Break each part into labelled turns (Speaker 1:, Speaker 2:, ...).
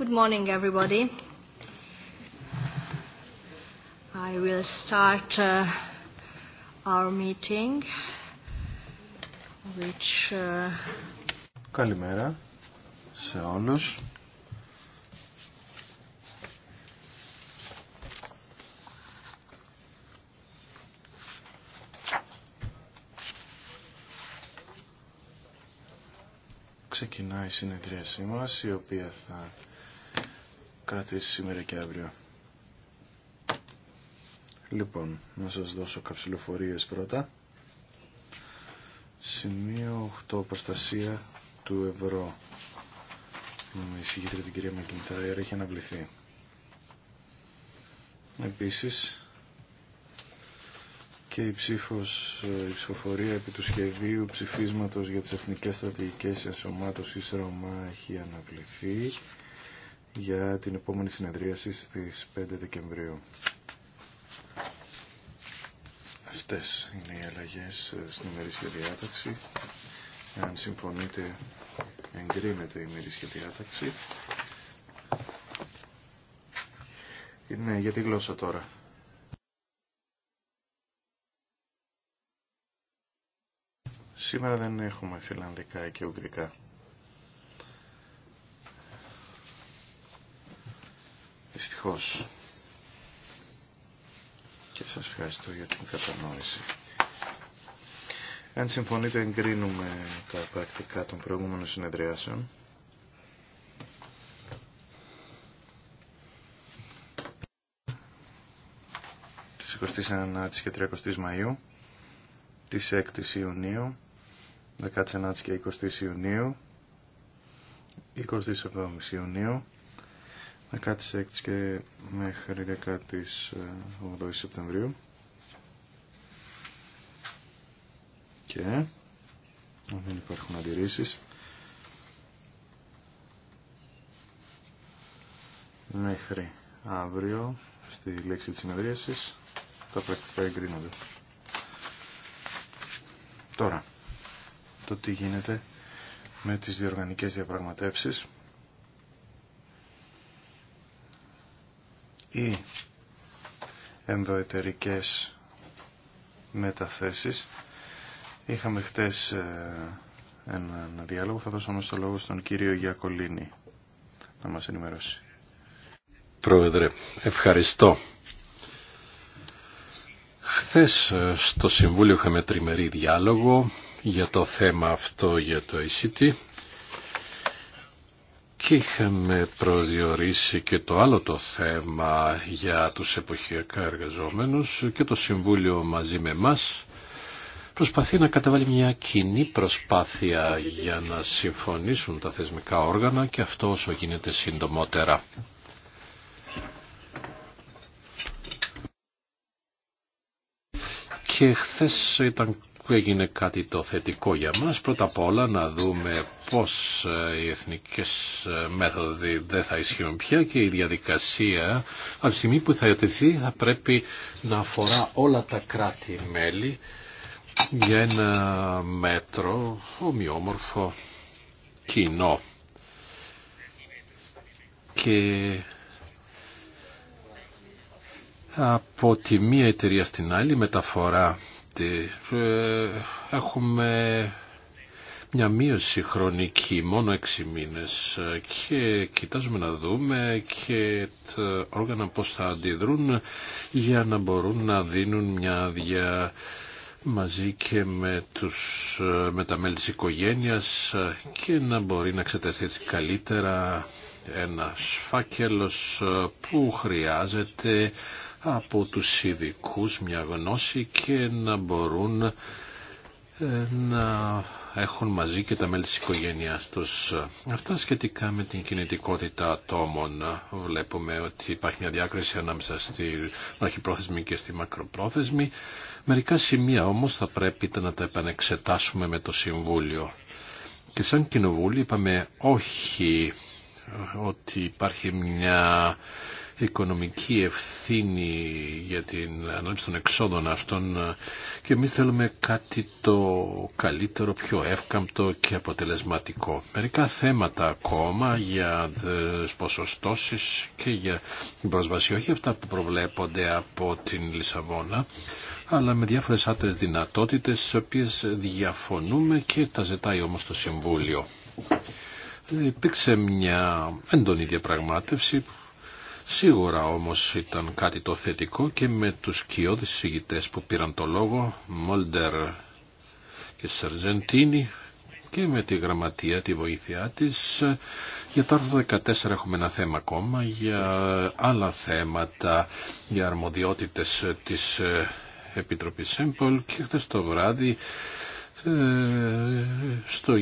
Speaker 1: Good morning, everybody. I will start uh,
Speaker 2: our meeting, which... Uh,
Speaker 3: Καλημέρα σε όλους. ξεκινάει η συνεδρίασή μας η οποία θα κρατήσει σήμερα και αύριο. Λοιπόν, να σας δώσω καψιλοφορίες πρώτα. Σημείο 8. Προστασία του ευρώ. Με συγκεκριτή την κυρία Μακιντάιρ έχει αναβληθεί. Επίσης, και η, ψήφος, ε, η ψηφοφορία επί του σχεδίου ψηφίσματος για τις εθνικές στρατηγικές ενσωμάτωσης Ρωμά έχει αναβληθεί για την επόμενη συνεδρίαση στις 5 Δεκεμβρίου. Αυτές είναι οι αλλαγές ε, στην ημερήσια διάταξη. Αν συμφωνείτε, εγκρίνεται η ημερήσια διάταξη. Ναι, για τη γλώσσα τώρα. Σήμερα δεν έχουμε φιλανδικά και ουγγρικά. ευτυχώς Και σας ευχαριστώ για την κατανόηση. Αν συμφωνείτε εγκρίνουμε τα πρακτικά των προηγούμενων συνεδριάσεων. Της 29ης και 30ης Μαΐου, της 6ης Ιουνίου, 19ης και 20ης Ιουνίου, 20 ης Ιουνίου, 16 και μέχρι 18 ε, Σεπτεμβρίου. Και αν δεν υπάρχουν αντιρρήσεις μέχρι αύριο στη λέξη της συνεδρίασης τα πρακτικά εγκρίνονται. Τώρα, το τι γίνεται με τις διοργανικές διαπραγματεύσεις. ή ενδοετερικές μεταθέσεις. Είχαμε χτες ε, έναν διάλογο, θα δώσω όμως το λόγο στον κύριο Γιακολίνη να μας ενημερώσει.
Speaker 2: Πρόεδρε, ευχαριστώ. Χθες ε, στο Συμβούλιο είχαμε τριμερή διάλογο για το θέμα αυτό για το ICT και είχαμε προδιορίσει και το άλλο το θέμα για τους εποχιακά εργαζόμενους και το Συμβούλιο μαζί με μας προσπαθεί να καταβάλει μια κοινή προσπάθεια για να συμφωνήσουν τα θεσμικά όργανα και αυτό όσο γίνεται συντομότερα. Και χθε ήταν που έγινε κάτι το θετικό για μας. Πρώτα απ' όλα να δούμε πώς ε, οι εθνικές ε, μέθοδοι δεν θα ισχύουν πια και η διαδικασία από τη στιγμή που θα ιωτηθεί θα πρέπει να αφορά όλα τα κράτη-μέλη για ένα μέτρο ομοιόμορφο κοινό. Και από τη μία εταιρεία στην άλλη μεταφορά ε, έχουμε μια μείωση χρονική, μόνο έξι μήνες ε, και κοιτάζουμε να δούμε και τα όργανα πώς θα αντιδρούν για να μπορούν να δίνουν μια άδεια μαζί και με, τους, ε, με τα μέλη της οικογένειας και να μπορεί να εξεταστεί καλύτερα ένα φάκελος που χρειάζεται από τους ειδικού μια γνώση και να μπορούν ε, να έχουν μαζί και τα μέλη της οικογένειάς τους. Αυτά σχετικά με την κινητικότητα ατόμων. Βλέπουμε ότι υπάρχει μια διάκριση ανάμεσα στη αρχιπρόθεσμη και στη μακροπρόθεσμη. Μερικά σημεία όμως θα πρέπει να τα επανεξετάσουμε με το Συμβούλιο. Και σαν Κοινοβούλιο είπαμε όχι ε, ότι υπάρχει μια οικονομική ευθύνη για την ανάλυση των εξόδων αυτών και εμείς θέλουμε κάτι το καλύτερο, πιο εύκαμπτο και αποτελεσματικό. Μερικά θέματα ακόμα για τις ποσοστώσεις και για την προσβασία, όχι αυτά που προβλέπονται από την Λισαβόνα, αλλά με διάφορες άτρες δυνατότητες στις οποίες διαφωνούμε και τα ζητάει όμως το Συμβούλιο. Υπήρξε μια έντονη διαπραγμάτευση Σίγουρα όμως ήταν κάτι το θετικό και με τους κοιόδης συγητές που πήραν το λόγο, Μόλντερ και Σερζεντίνη και με τη γραμματεία, τη βοήθειά της. Για το άρθρο 14 έχουμε ένα θέμα ακόμα, για άλλα θέματα, για αρμοδιότητες της ε, Επιτροπής Σέμπολ. και χθες το βράδυ ε, στο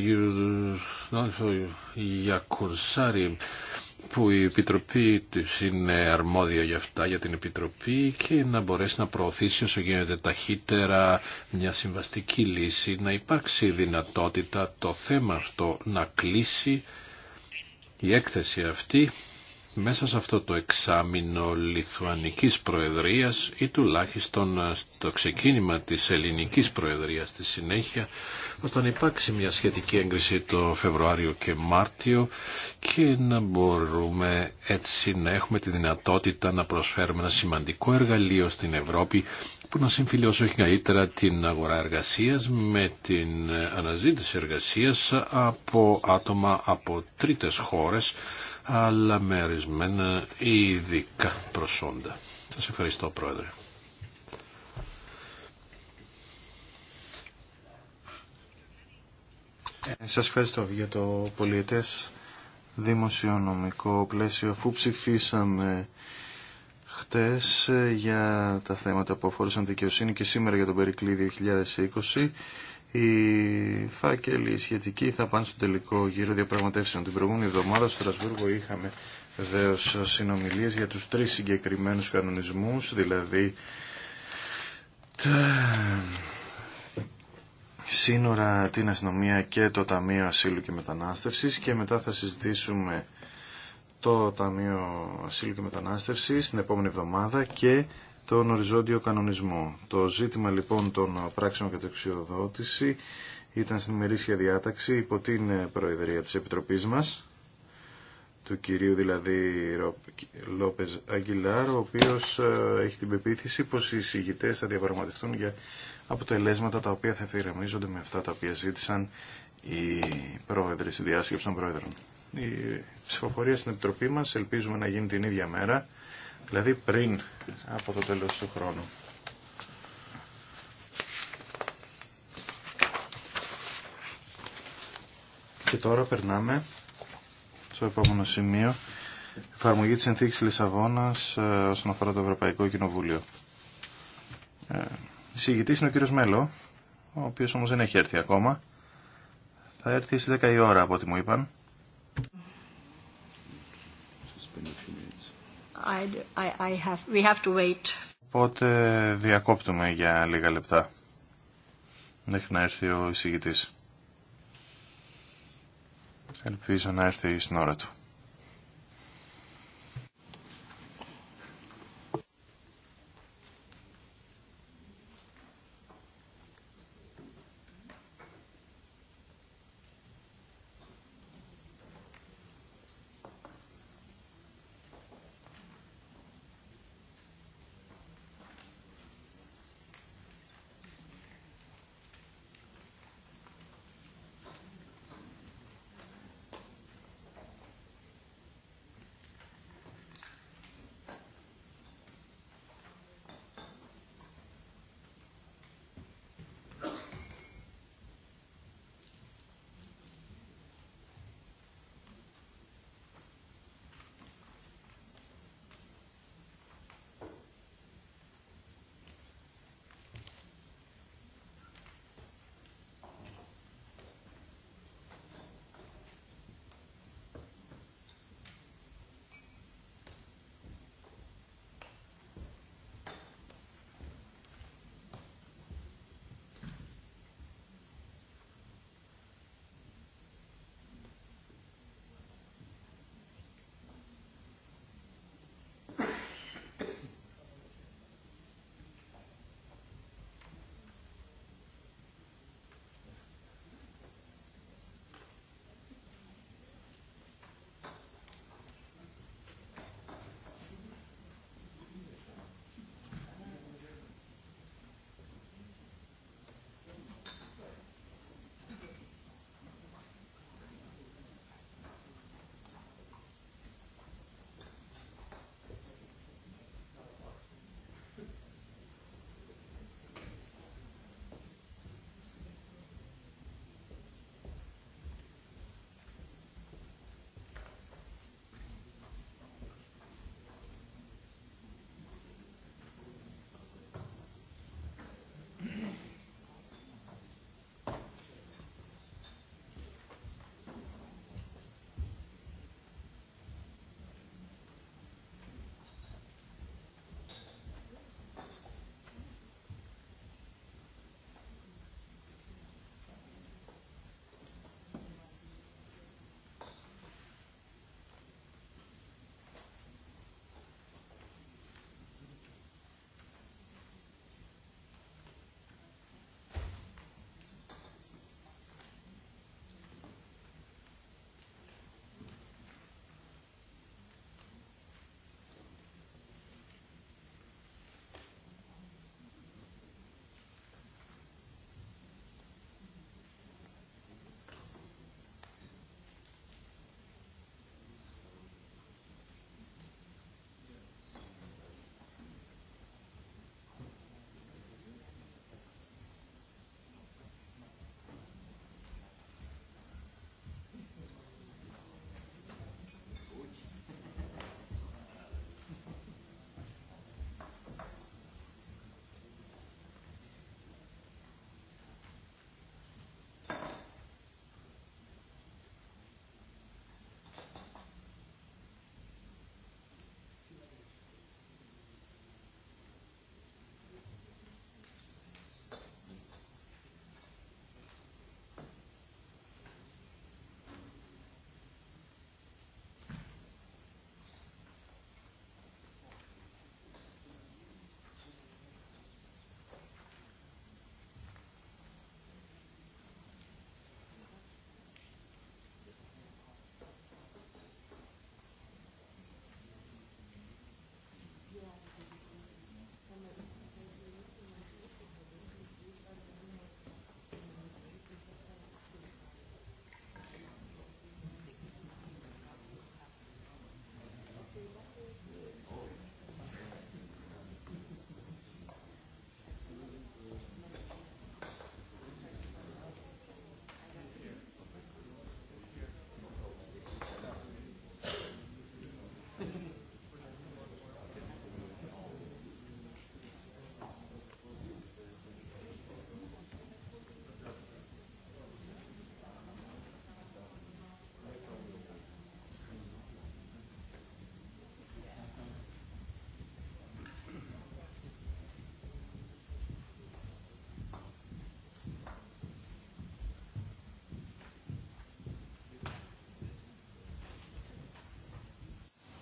Speaker 2: Γιακουρσάρι που η Επιτροπή της είναι αρμόδια για αυτά, για την Επιτροπή και να μπορέσει να προωθήσει όσο γίνεται ταχύτερα μια συμβαστική λύση, να υπάρξει δυνατότητα το θέμα αυτό να κλείσει η έκθεση αυτή μέσα σε αυτό το εξάμεινο Λιθουανικής Προεδρίας ή τουλάχιστον στο ξεκίνημα της Ελληνικής Προεδρίας στη συνέχεια ώστε να υπάρξει μια σχετική έγκριση το Φεβρουάριο και Μάρτιο και να μπορούμε έτσι να έχουμε τη δυνατότητα να προσφέρουμε ένα σημαντικό εργαλείο στην Ευρώπη που να συμφιλειώσει όχι καλύτερα την αγορά εργασίας με την αναζήτηση εργασίας από άτομα από τρίτες χώρες αλλά με αρισμένα ειδικά προσόντα. Σας ευχαριστώ Πρόεδρε.
Speaker 3: Ε, σας ευχαριστώ για το πολιετές δημοσιονομικό πλαίσιο αφού ψηφίσαμε χτες ε, για τα θέματα που αφορούσαν δικαιοσύνη και σήμερα για τον Περικλή 2020 οι φάκελοι σχετικοί θα πάνε στο τελικό γύρο διαπραγματεύσεων. Την προηγούμενη εβδομάδα στο Στρασβούργο είχαμε βεβαίω συνομιλίες για τους τρεις συγκεκριμένους κανονισμούς, δηλαδή τα σύνορα, την αστυνομία και το Ταμείο Ασύλου και Μετανάστευσης και μετά θα συζητήσουμε το Ταμείο Ασύλου και Μετανάστευσης την επόμενη εβδομάδα και τον οριζόντιο κανονισμό. Το ζήτημα λοιπόν των πράξεων κατεξιοδότηση ήταν στην ημερήσια διάταξη υπό την Προεδρία της Επιτροπής μας, του κυρίου δηλαδή Λόπεζ Αγγιλάρ, ο οποίος ε, έχει την πεποίθηση πως οι συγητές θα διαπραγματευτούν για αποτελέσματα τα οποία θα εφηρεμίζονται με αυτά τα οποία ζήτησαν οι πρόεδροι στη διάσκεψη των πρόεδρων. Η ψηφοφορία στην Επιτροπή μας ελπίζουμε να γίνει την ίδια μέρα δηλαδή πριν από το τέλος του χρόνου. Και τώρα περνάμε στο επόμενο σημείο εφαρμογή της συνθήκης Λισαβόνας ε, όσον αφορά το Ευρωπαϊκό Κοινοβούλιο. Ε, η Συγητής είναι ο κύριος Μέλο, ο οποίος όμως δεν έχει έρθει ακόμα. Θα έρθει στις 10 η ώρα από ό,τι μου είπαν. Οπότε διακόπτουμε για λίγα λεπτά. Μέχρι να έρθει ο εισηγητής. Ελπίζω να έρθει στην ώρα του.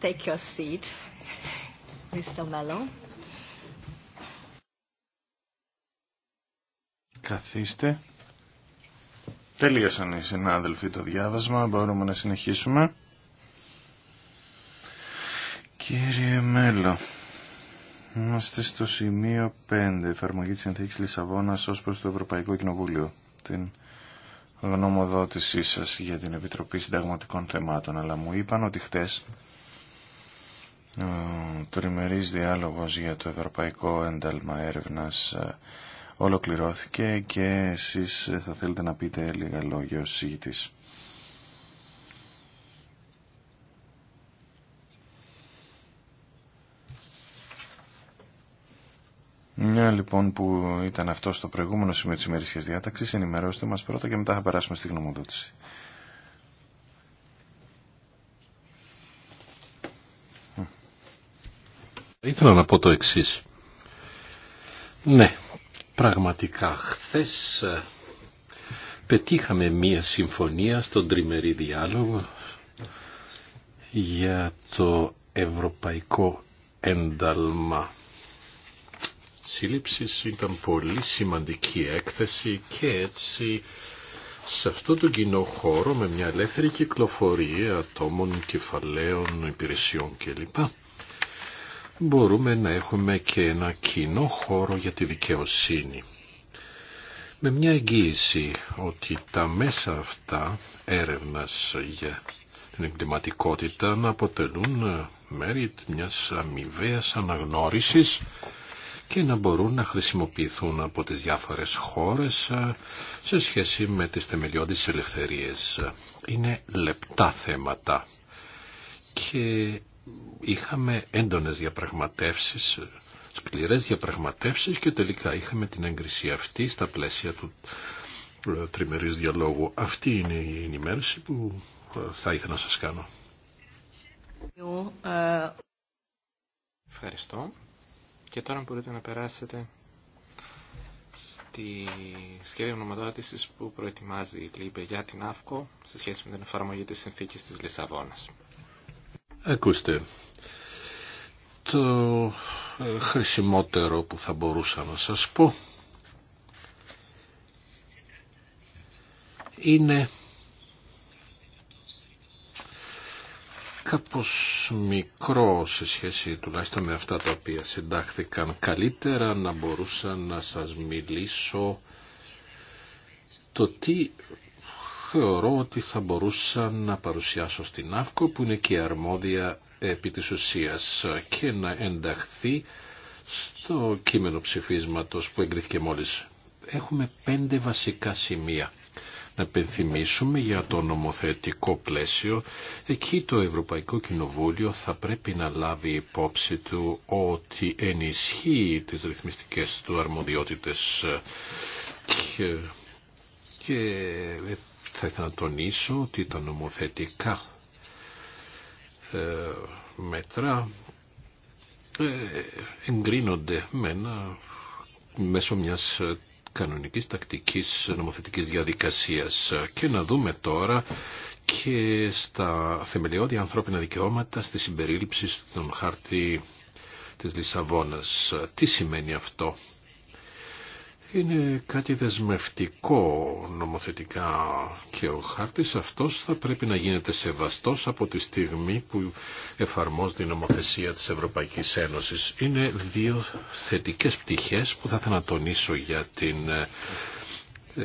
Speaker 1: Take your seat, Mr.
Speaker 3: Καθίστε. Τελείωσαν οι συνάδελφοι το διάβασμα. Μπορούμε να συνεχίσουμε. Κύριε Μέλλο, είμαστε στο σημείο 5. Εφαρμογή της συνθήκης Λισαβόνας ως προς το Ευρωπαϊκό Κοινοβούλιο. Την γνωμοδότησή σας για την Επιτροπή Συνταγματικών Θεμάτων. Αλλά μου είπαν ότι χτες ο ε, τριμερής διάλογος για το Ευρωπαϊκό Ένταλμα Έρευνας ε, ολοκληρώθηκε και εσείς θα θέλετε να πείτε λίγα λόγια ως συγητής. Μια ναι, λοιπόν που ήταν αυτό στο προηγούμενο σημείο της ημερήσιας διάταξης, ενημερώστε μας πρώτα και μετά θα περάσουμε στη γνωμοδότηση.
Speaker 2: ήθελα να πω το εξής. Ναι, πραγματικά χθες ε, πετύχαμε μία συμφωνία στον τριμερή διάλογο για το ευρωπαϊκό ένταλμα σύλληψης. Ήταν πολύ σημαντική έκθεση και έτσι σε αυτό το κοινό χώρο με μια ελεύθερη κυκλοφορία ατόμων, κεφαλαίων, υπηρεσιών κλπ μπορούμε να έχουμε και ένα κοινό χώρο για τη δικαιοσύνη. Με μια εγγύηση ότι τα μέσα αυτά έρευνας για την εγκληματικότητα να αποτελούν μέρη μιας αμοιβαία αναγνώρισης και να μπορούν να χρησιμοποιηθούν από τις διάφορες χώρες σε σχέση με τις θεμελιώδεις ελευθερίες. Είναι λεπτά θέματα και είχαμε έντονες διαπραγματεύσεις, σκληρές διαπραγματεύσεις και τελικά είχαμε την έγκριση αυτή στα πλαίσια του ε, τριμερής διαλόγου. Αυτή είναι η ενημέρωση που ε, θα ήθελα να σας κάνω.
Speaker 4: Ευχαριστώ. Και τώρα μπορείτε να περάσετε στη σχέδιο νομοδότησης που προετοιμάζει η ΛΥΜΠΕ για την ΑΦΚΟ σε σχέση με την εφαρμογή της συνθήκης της Λισαβόνας.
Speaker 2: Ακούστε, το ε, χρησιμότερο που θα μπορούσα να σας πω είναι κάπως μικρό σε σχέση τουλάχιστον με αυτά τα οποία συντάχθηκαν καλύτερα να μπορούσα να σας μιλήσω το τι θεωρώ ότι θα μπορούσα να παρουσιάσω στην ΑΦΚΟ που είναι και αρμόδια επί της ουσίας και να ενταχθεί στο κείμενο ψηφίσματος που εγκρίθηκε μόλις. Έχουμε πέντε βασικά σημεία. Να πενθυμίσουμε για το νομοθετικό πλαίσιο, εκεί το Ευρωπαϊκό Κοινοβούλιο θα πρέπει να λάβει υπόψη του ότι ενισχύει τις ρυθμιστικές του αρμοδιότητες και θα ήθελα να τονίσω ότι τα νομοθετικά ε, μέτρα ε, εγκρίνονται με μέσω μιας κανονικής τακτικής νομοθετικής διαδικασίας και να δούμε τώρα και στα θεμελιώδη ανθρώπινα δικαιώματα στη συμπερίληψη στον χάρτη της Λισαβόνας. Τι σημαίνει αυτό είναι κάτι δεσμευτικό νομοθετικά και ο χάρτης αυτός θα πρέπει να γίνεται σεβαστός από τη στιγμή που εφαρμόζει η νομοθεσία της Ευρωπαϊκής Ένωσης. Είναι δύο θετικές πτυχές που θα ήθελα να τονίσω για την ε,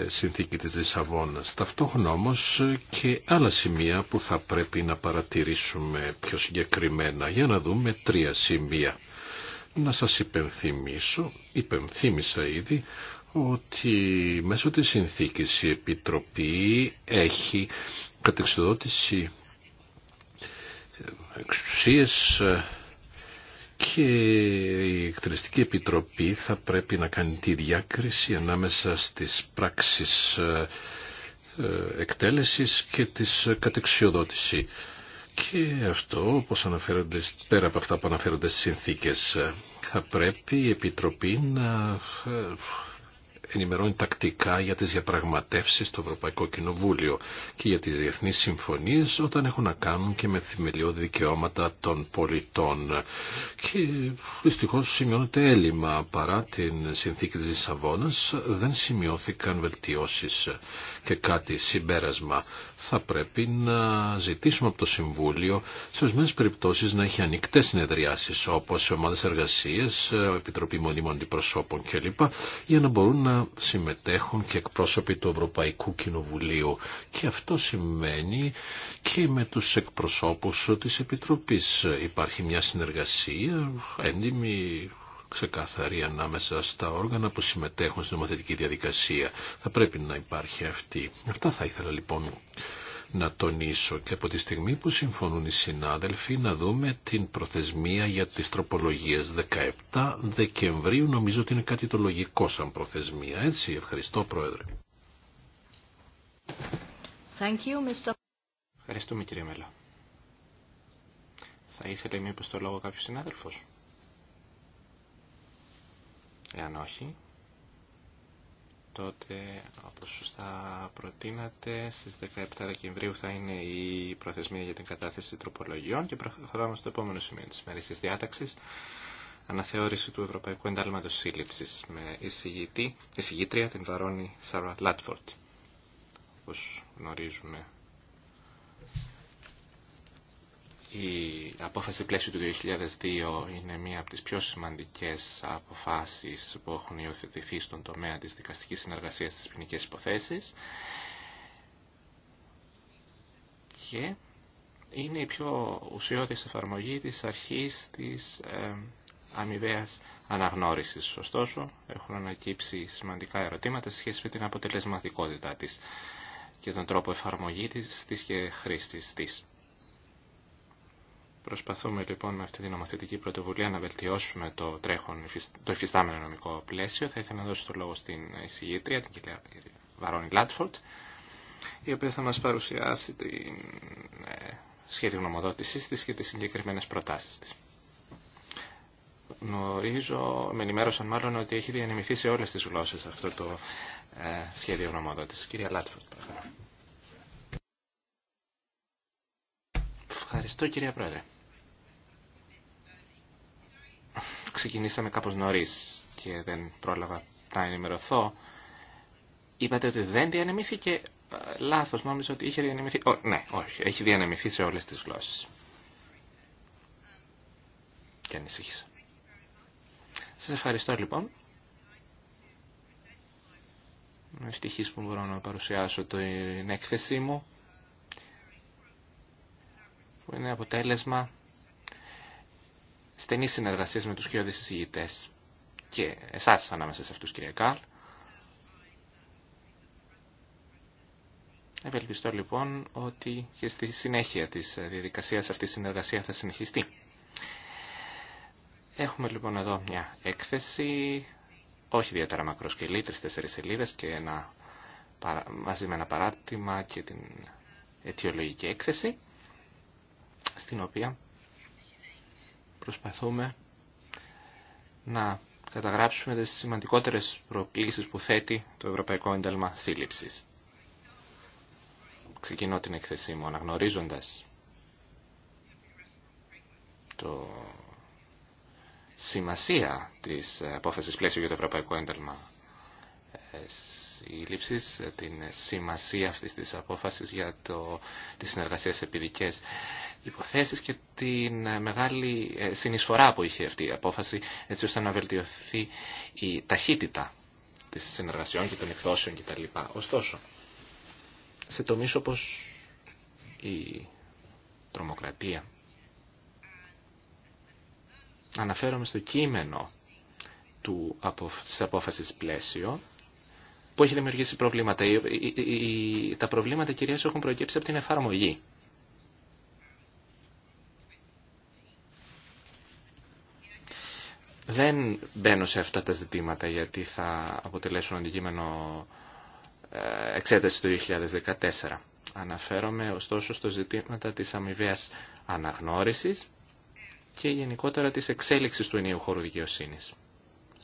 Speaker 2: συνθήκη της Λισαβόνας. Ταυτόχρονα όμως και άλλα σημεία που θα πρέπει να παρατηρήσουμε πιο συγκεκριμένα για να δούμε τρία σημεία. Να σας υπενθυμίσω, υπενθύμισα ήδη, ότι μέσω της συνθήκης η Επιτροπή έχει κατεξοδότηση ε, εξουσίες ε, και η Εκτελεστική Επιτροπή θα πρέπει να κάνει τη διάκριση ανάμεσα στις πράξεις ε, εκτέλεσης και της κατεξιοδότησης. Και αυτό, όπως αναφέρονται, πέρα από αυτά που αναφέρονται στις συνθήκες, θα πρέπει η Επιτροπή να ε, ενημερώνει τακτικά για τις διαπραγματεύσεις στο Ευρωπαϊκό Κοινοβούλιο και για τις διεθνείς συμφωνίες όταν έχουν να κάνουν και με θεμελιώδη δικαιώματα των πολιτών. Και δυστυχώς σημειώνεται έλλειμμα παρά την συνθήκη της Λισαβόνας δεν σημειώθηκαν βελτιώσεις και κάτι συμπέρασμα. Θα πρέπει να ζητήσουμε από το Συμβούλιο σε ορισμένε περιπτώσει να έχει ανοιχτέ συνεδριάσει όπω ομάδε εργασίε, Επιτροπή Μονίμων Αντιπροσώπων κλπ. για να μπορούν να συμμετέχουν και εκπρόσωποι του Ευρωπαϊκού Κοινοβουλίου. Και αυτό σημαίνει και με τους εκπροσώπους της Επιτροπής. Υπάρχει μια συνεργασία έντιμη ξεκαθαρή ανάμεσα στα όργανα που συμμετέχουν στην νομοθετική διαδικασία. Θα πρέπει να υπάρχει αυτή. Αυτά θα ήθελα λοιπόν να τονίσω και από τη στιγμή που συμφωνούν οι συνάδελφοι να δούμε την προθεσμία για τις τροπολογίες 17 Δεκεμβρίου. Νομίζω ότι είναι κάτι το λογικό σαν προθεσμία.
Speaker 4: Έτσι, ευχαριστώ Πρόεδρε.
Speaker 1: Thank you, Mr.
Speaker 4: Ευχαριστούμε κύριε Μέλα. Θα ήθελε μήπως το λόγο κάποιος συνάδελφος. Εάν όχι, τότε, όπως σωστά προτείνατε, στις 17 Δεκεμβρίου θα είναι η προθεσμία για την κατάθεση τροπολογιών και προχωράμε στο επόμενο σημείο της μερικής διάταξης, αναθεώρηση του Ευρωπαϊκού Εντάλματος Σύλληψης με εισηγητή, εισηγητρία την Βαρόνη Σαρα Λάτφορτ, όπως γνωρίζουμε Η απόφαση πλαίσιο του 2002 είναι μία από τις πιο σημαντικές αποφάσεις που έχουν υιοθετηθεί στον τομέα της δικαστικής συνεργασίας στις ποινικές υποθέσεις και είναι η πιο ουσιώδης εφαρμογή της αρχής της ε, αμοιβαίας αναγνώρισης. Ωστόσο, έχουν ανακύψει σημαντικά ερωτήματα σε σχέση με την αποτελεσματικότητά της και τον τρόπο εφαρμογή της και χρήστης της. Προσπαθούμε λοιπόν με αυτή την νομοθετική πρωτοβουλία να βελτιώσουμε το τρέχον, το υφιστάμενο νομικό πλαίσιο. Θα ήθελα να δώσω το λόγο στην εισηγήτρια, την κυρία Βαρόνι Λάτφορτ, η οποία θα μας παρουσιάσει την ε, σχέδιο γνωμοδότησής της και τις συγκεκριμένες προτάσεις της. Γνωρίζω, με ενημέρωσαν μάλλον ότι έχει διανεμηθεί σε όλες τις γλώσσες αυτό το ε, σχέδιο γνωμοδότησης. Κυρία Λάτφορτ, παρακαλώ. Ευχαριστώ κυρία Πρόεδρε. ξεκινήσαμε κάπως νωρίς και δεν πρόλαβα να ενημερωθώ, είπατε ότι δεν διανεμήθηκε λάθος, νόμιζα ότι είχε διανεμηθεί. ναι, όχι, έχει διανεμηθεί σε όλες τις γλώσσες. Και ανησύχησα. Σας ευχαριστώ λοιπόν. Είμαι ευτυχής που μπορώ να παρουσιάσω την έκθεσή μου, που είναι αποτέλεσμα στενή συνεργασία με τους κύριους εισηγητές και εσάς ανάμεσα σε αυτούς κύριε Κάρλ. Ευελπιστώ λοιπόν ότι και στη συνέχεια της διαδικασίας αυτή η συνεργασία θα συνεχιστεί. Έχουμε λοιπόν εδώ μια έκθεση, όχι ιδιαίτερα μακροχελή, τρεις-τέσσερις σελίδες και ένα, μαζί με ένα παράρτημα και την αιτιολογική έκθεση, στην οποία προσπαθούμε να καταγράψουμε τις σημαντικότερες προκλήσεις που θέτει το Ευρωπαϊκό Ένταλμα Σύλληψης. Ξεκινώ την εκθεσή μου αναγνωρίζοντας το σημασία της απόφασης πλαίσιο για το Ευρωπαϊκό Ένταλμα ε, ε, την σημασία αυτής της απόφασης για το, τις συνεργασίες σε ποινικέ υποθέσεις και την ε, μεγάλη ε, συνεισφορά που είχε αυτή η απόφαση έτσι ώστε να βελτιωθεί η ταχύτητα της συνεργασιών και των εκδόσεων κτλ. Ωστόσο, σε τομείς όπως η τρομοκρατία, αναφέρομαι στο κείμενο του, της απόφασης πλαίσιο που έχει δημιουργήσει προβλήματα. Τα προβλήματα κυρίως έχουν προκύψει από την εφαρμογή. Δεν μπαίνω σε αυτά τα ζητήματα γιατί θα αποτελέσουν αντικείμενο ε, εξέταση του 2014. Αναφέρομαι ωστόσο στο ζητήματα της αμοιβαία αναγνώρισης και γενικότερα της εξέλιξης του ενίου χώρου δικαιοσύνης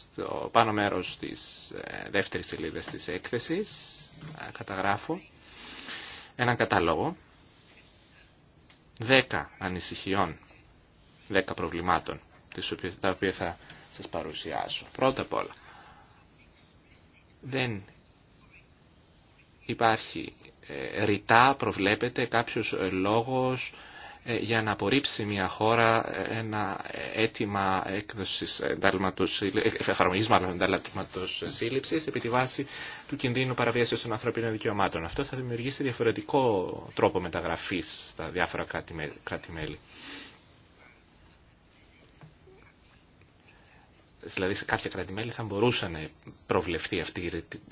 Speaker 4: στο πάνω μέρος της ε, δεύτερης σελίδας της έκθεσης ε, καταγράφω έναν κατάλογο 10 ανησυχιών, 10 προβλημάτων τα οποία θα σας παρουσιάσω. Πρώτα απ' όλα, δεν υπάρχει ε, ρητά, προβλέπεται κάποιος λόγος ε, για να απορρίψει μια χώρα ε, ένα αίτημα έκδοσης εντάλματος, ε, εφαρμογής μάλλον εντάλματος σύλληψης επί τη βάση του κινδύνου παραβίασης των ανθρωπίνων δικαιωμάτων. Αυτό θα δημιουργήσει διαφορετικό τρόπο μεταγραφής στα διάφορα κράτη-μέλη. Δηλαδή σε κάποια κράτη-μέλη θα μπορούσε να προβλεφθεί αυτή η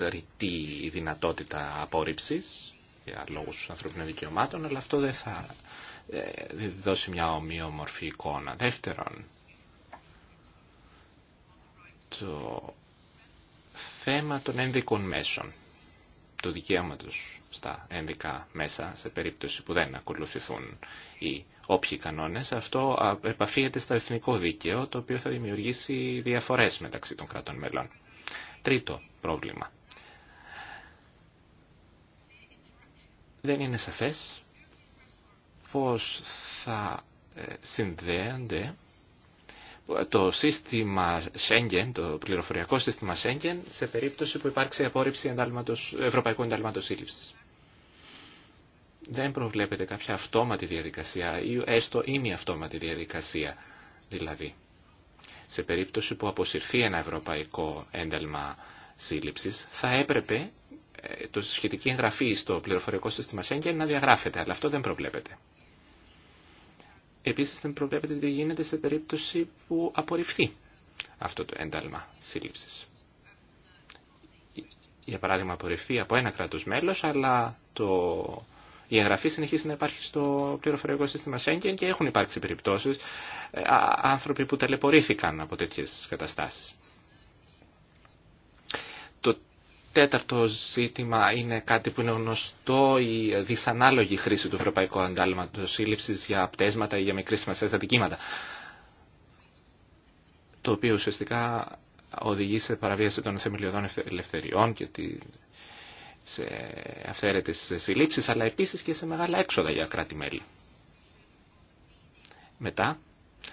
Speaker 4: ρητή δυνατότητα απόρριψης για λόγους ανθρωπίνων δικαιωμάτων, αλλά αυτό δεν θα δώσει μια ομοιομορφή εικόνα. Δεύτερον, το θέμα των ένδικων μέσων, το δικαίωμα στα ένδικα μέσα σε περίπτωση που δεν ακολουθηθούν οι όποιοι κανόνες, αυτό επαφίεται στο εθνικό δίκαιο, το οποίο θα δημιουργήσει διαφορές μεταξύ των κρατών μελών. Τρίτο πρόβλημα. Δεν είναι σαφές πώς θα ε, συνδέονται το σύστημα Schengen, το πληροφοριακό σύστημα Schengen, σε περίπτωση που υπάρξει απόρριψη εντάλματος, ευρωπαϊκού εντάλματος σύλληψη. Δεν προβλέπεται κάποια αυτόματη διαδικασία ή έστω ημιαυτόματη αυτόματη διαδικασία, δηλαδή. Σε περίπτωση που αποσυρθεί ένα ευρωπαϊκό ένταλμα σύλληψη, θα έπρεπε ε, το σχετική εγγραφή στο πληροφοριακό σύστημα Schengen να διαγράφεται, αλλά αυτό δεν προβλέπεται. Επίση, δεν προβλέπεται τι γίνεται σε περίπτωση που απορριφθεί αυτό το ένταλμα σύλληψη. Για παράδειγμα απορριφθεί από ένα κράτο μέλο, αλλά το... η εγγραφή συνεχίζει να υπάρχει στο πληροφοριακό σύστημα Schengen και έχουν υπάρξει περιπτώσει ε, άνθρωποι που ταλαιπωρήθηκαν από τέτοιε καταστάσει. Τέταρτο ζήτημα είναι κάτι που είναι γνωστό, η δυσανάλογη χρήση του ευρωπαϊκού αντάλλαγματος σύλληψη για πτέσματα ή για μικρή σημασία δικήματα. το οποίο ουσιαστικά οδηγεί σε παραβίαση των θεμελιωδών ελευθεριών και σε αυθαίρετε συλλήψει, αλλά επίση και σε μεγάλα έξοδα για κράτη-μέλη. Μετά,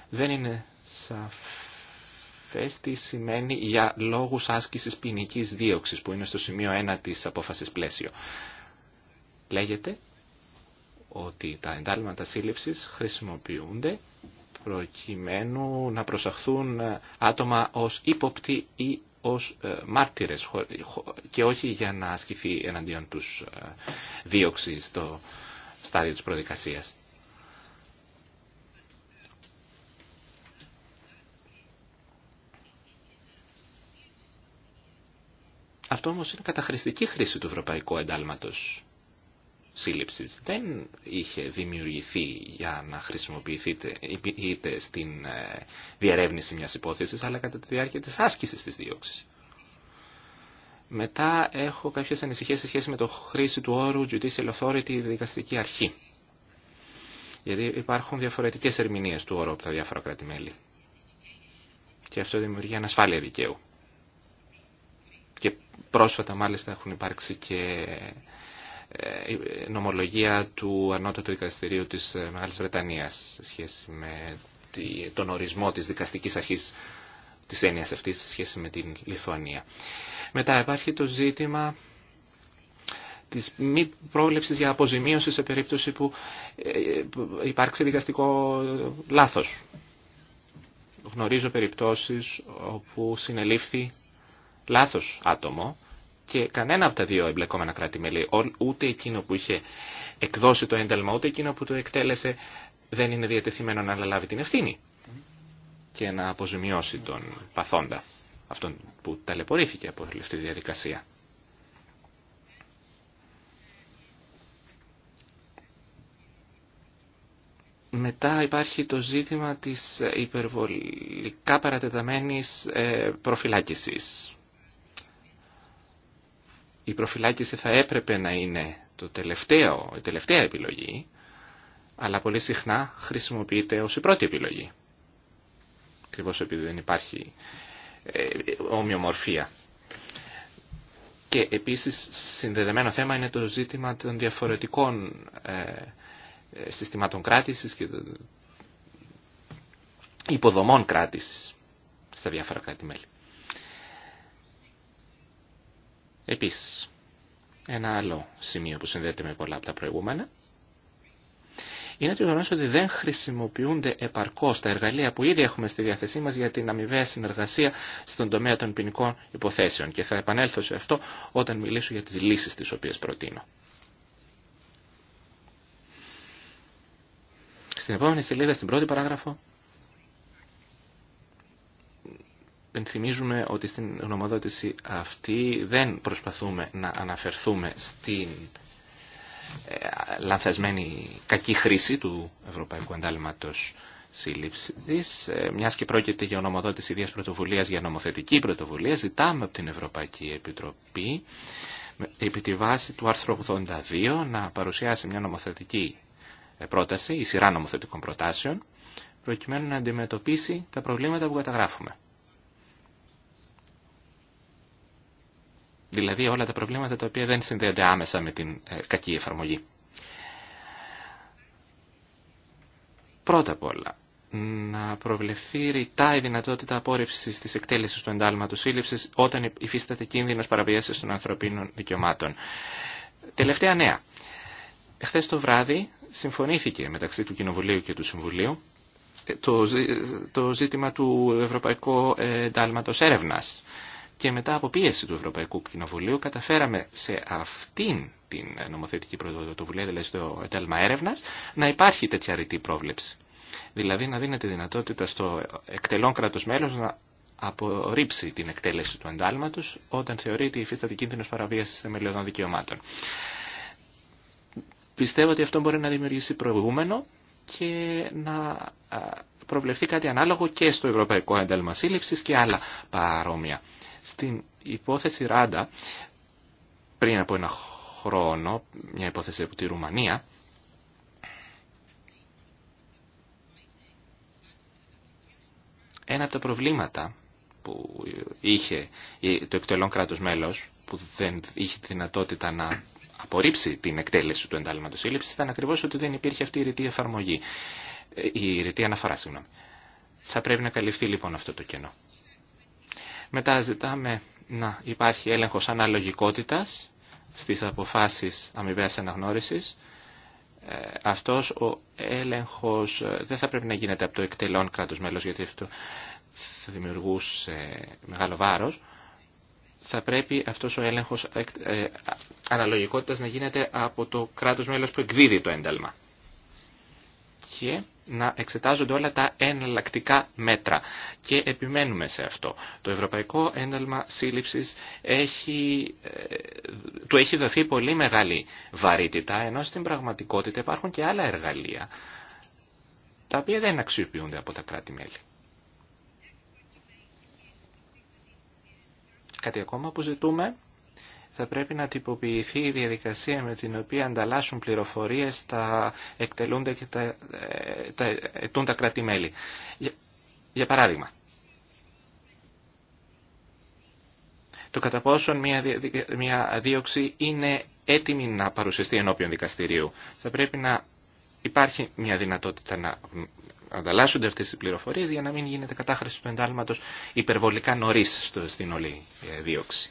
Speaker 4: δεν είναι σαφή τι σημαίνει για λόγους άσκησης ποινική δίωξης που είναι στο σημείο 1 της απόφασης πλαίσιο. Λέγεται ότι τα εντάλματα σύλληψης χρησιμοποιούνται προκειμένου να προσαχθούν ε, άτομα ως ύποπτοι ή ως ε, μάρτυρες και όχι για να ασκηθεί εναντίον τους ε, δίωξη στο στάδιο της προδικασίας. Αυτό όμως είναι καταχρηστική χρήση του ευρωπαϊκού εντάλματος σύλληψης. Δεν είχε δημιουργηθεί για να χρησιμοποιηθείτε είτε στην ε, διερεύνηση μιας υπόθεσης, αλλά κατά τη διάρκεια της άσκησης της δίωξης. Μετά έχω κάποιες ανησυχίες σε σχέση με το χρήση του όρου Judicial Authority, δικαστική αρχή. Γιατί υπάρχουν διαφορετικές ερμηνείες του όρου από τα διάφορα κράτη-μέλη. Και αυτό δημιουργεί ανασφάλεια δικαίου και πρόσφατα μάλιστα έχουν υπάρξει και ε, νομολογία του Ανώτατου Δικαστηρίου της ε, Μεγάλης Βρετανίας σε σχέση με τον ορισμό της δικαστικής αρχής της έννοιας αυτής σε σχέση με την Λιθουανία. Μετά υπάρχει το ζήτημα της μη πρόβλεψης για αποζημίωση σε περίπτωση που ε, υπάρξει δικαστικό λάθος. Γνωρίζω περιπτώσεις όπου συνελήφθη λάθος άτομο και κανένα από τα δύο εμπλεκόμενα κράτη-μέλη, ούτε εκείνο που είχε εκδώσει το ένταλμα, ούτε εκείνο που το εκτέλεσε, δεν είναι διατεθειμένο να αναλάβει την ευθύνη και να αποζημιώσει τον παθόντα, αυτόν που ταλαιπωρήθηκε από αυτή τη διαδικασία. Μετά υπάρχει το ζήτημα της υπερβολικά παρατεταμένης ε, προφυλάκησης η προφυλάκηση θα έπρεπε να είναι το τελευταίο, η τελευταία επιλογή, αλλά πολύ συχνά χρησιμοποιείται ως η πρώτη επιλογή. Ακριβώ επειδή δεν υπάρχει ε, ομοιομορφία. Και επίσης συνδεδεμένο θέμα είναι το ζήτημα των διαφορετικών ε, συστημάτων κράτησης και υποδομών κράτησης στα διάφορα κράτη-μέλη. Επίσης, ένα άλλο σημείο που συνδέεται με πολλά από τα προηγούμενα είναι το γεγονό ότι δεν χρησιμοποιούνται επαρκώ τα εργαλεία που ήδη έχουμε στη διάθεσή μα για την αμοιβαία συνεργασία στον τομέα των ποινικών υποθέσεων. Και θα επανέλθω σε αυτό όταν μιλήσω για τι λύσει τι οποίε προτείνω. Στην επόμενη σελίδα, στην πρώτη παράγραφο, υπενθυμίζουμε ότι στην γνωμοδότηση αυτή δεν προσπαθούμε να αναφερθούμε στην ε, λανθασμένη κακή χρήση του Ευρωπαϊκού Αντάλληματος Σύλληψης. Ε, μιας και πρόκειται για ονομοδότηση ιδίας πρωτοβουλίας για νομοθετική πρωτοβουλία, ζητάμε από την Ευρωπαϊκή Επιτροπή επί τη βάση του άρθρου 82 να παρουσιάσει μια νομοθετική ε, πρόταση, η σειρά νομοθετικών προτάσεων, προκειμένου να αντιμετωπίσει τα προβλήματα που καταγράφουμε. δηλαδή όλα τα προβλήματα τα οποία δεν συνδέονται άμεσα με την ε, κακή εφαρμογή. Πρώτα απ' όλα, να προβλεφθεί ρητά η δυνατότητα απόρριψη τη εκτέλεση του εντάλματο σύλληψη όταν υφίσταται κίνδυνο παραβίαση των ανθρωπίνων δικαιωμάτων. Τελευταία νέα. Χθε το βράδυ συμφωνήθηκε μεταξύ του Κοινοβουλίου και του Συμβουλίου ε, το, ε, το ζήτημα του Ευρωπαϊκού Εντάλματο Έρευνα και μετά από πίεση του Ευρωπαϊκού Κοινοβουλίου καταφέραμε σε αυτήν την νομοθετική πρωτοβουλία, δηλαδή στο ένταλμα έρευνα, να υπάρχει τέτοια ρητή πρόβλεψη. Δηλαδή να δίνεται δυνατότητα στο εκτελών κράτος μέλος να απορρίψει την εκτέλεση του εντάλματο όταν θεωρεί ότι υφίσταται κίνδυνος παραβίασης θεμελιωδών δικαιωμάτων. Πιστεύω ότι αυτό μπορεί να δημιουργήσει προηγούμενο και να προβλεφθεί κάτι ανάλογο και στο Ευρωπαϊκό Ένταλμα Σύλληψης και άλλα παρόμοια στην υπόθεση Ράντα, πριν από ένα χρόνο, μια υπόθεση από τη Ρουμανία, ένα από τα προβλήματα που είχε το εκτελών κράτος μέλος, που δεν είχε τη δυνατότητα να απορρίψει την εκτέλεση του εντάλματος σύλληψης, ήταν ακριβώς ότι δεν υπήρχε αυτή η ρητή εφαρμογή, ε, η ρητή αναφορά, συγγνώμη. Θα πρέπει να καλυφθεί λοιπόν αυτό το κενό. Μετά ζητάμε να υπάρχει έλεγχος αναλογικότητας στις αποφάσεις αμοιβαίας αναγνώρισης. Ε, αυτός ο έλεγχος ε, δεν θα πρέπει να γίνεται από το εκτελών κράτος μέλος, γιατί αυτό θα δημιουργούσε μεγάλο βάρος. Θα πρέπει αυτός ο έλεγχος ε, αναλογικότητας να γίνεται από το κράτος μέλος που εκδίδει το ένταλμα. Και να εξετάζονται όλα τα εναλλακτικά μέτρα και επιμένουμε σε αυτό. Το Ευρωπαϊκό Ένταλμα Σύλληψης έχει, ε, του έχει δοθεί πολύ μεγάλη βαρύτητα ενώ στην πραγματικότητα υπάρχουν και άλλα εργαλεία τα οποία δεν αξιοποιούνται από τα κράτη-μέλη. Κάτι ακόμα που ζητούμε θα πρέπει να τυποποιηθεί η διαδικασία με την οποία ανταλλάσσουν πληροφορίες τα εκτελούντα και τα, ε, τα ετούν τα κρατη Για, παράδειγμα, το κατά πόσον μια, μια δίωξη είναι έτοιμη να παρουσιαστεί ενώπιον δικαστηρίου. Θα πρέπει να υπάρχει μια δυνατότητα να ανταλλάσσονται αυτές οι πληροφορίες για να μην γίνεται κατάχρηση του εντάλματος υπερβολικά νωρίς στην όλη ε, δίωξη.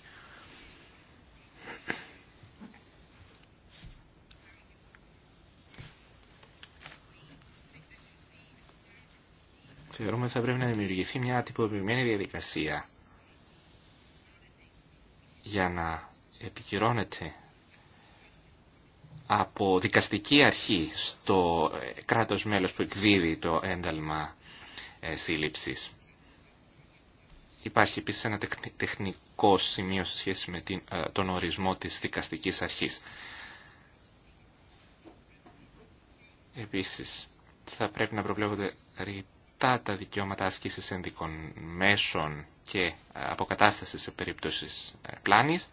Speaker 4: θεωρούμε ότι θα πρέπει να δημιουργηθεί μια τυποποιημένη διαδικασία για να επικυρώνεται από δικαστική αρχή στο ε, κράτος μέλος που εκδίδει το ένταλμα ε, σύλληψης. Υπάρχει επίσης ένα τεχνικό σημείο σε σχέση με ε, τον ορισμό της δικαστικής αρχής. Επίσης, θα πρέπει να προβλέπονται τα δικαιώματα άσκησης ενδικών μέσων και ε, αποκατάσταση σε περίπτωση ε, πλάνης.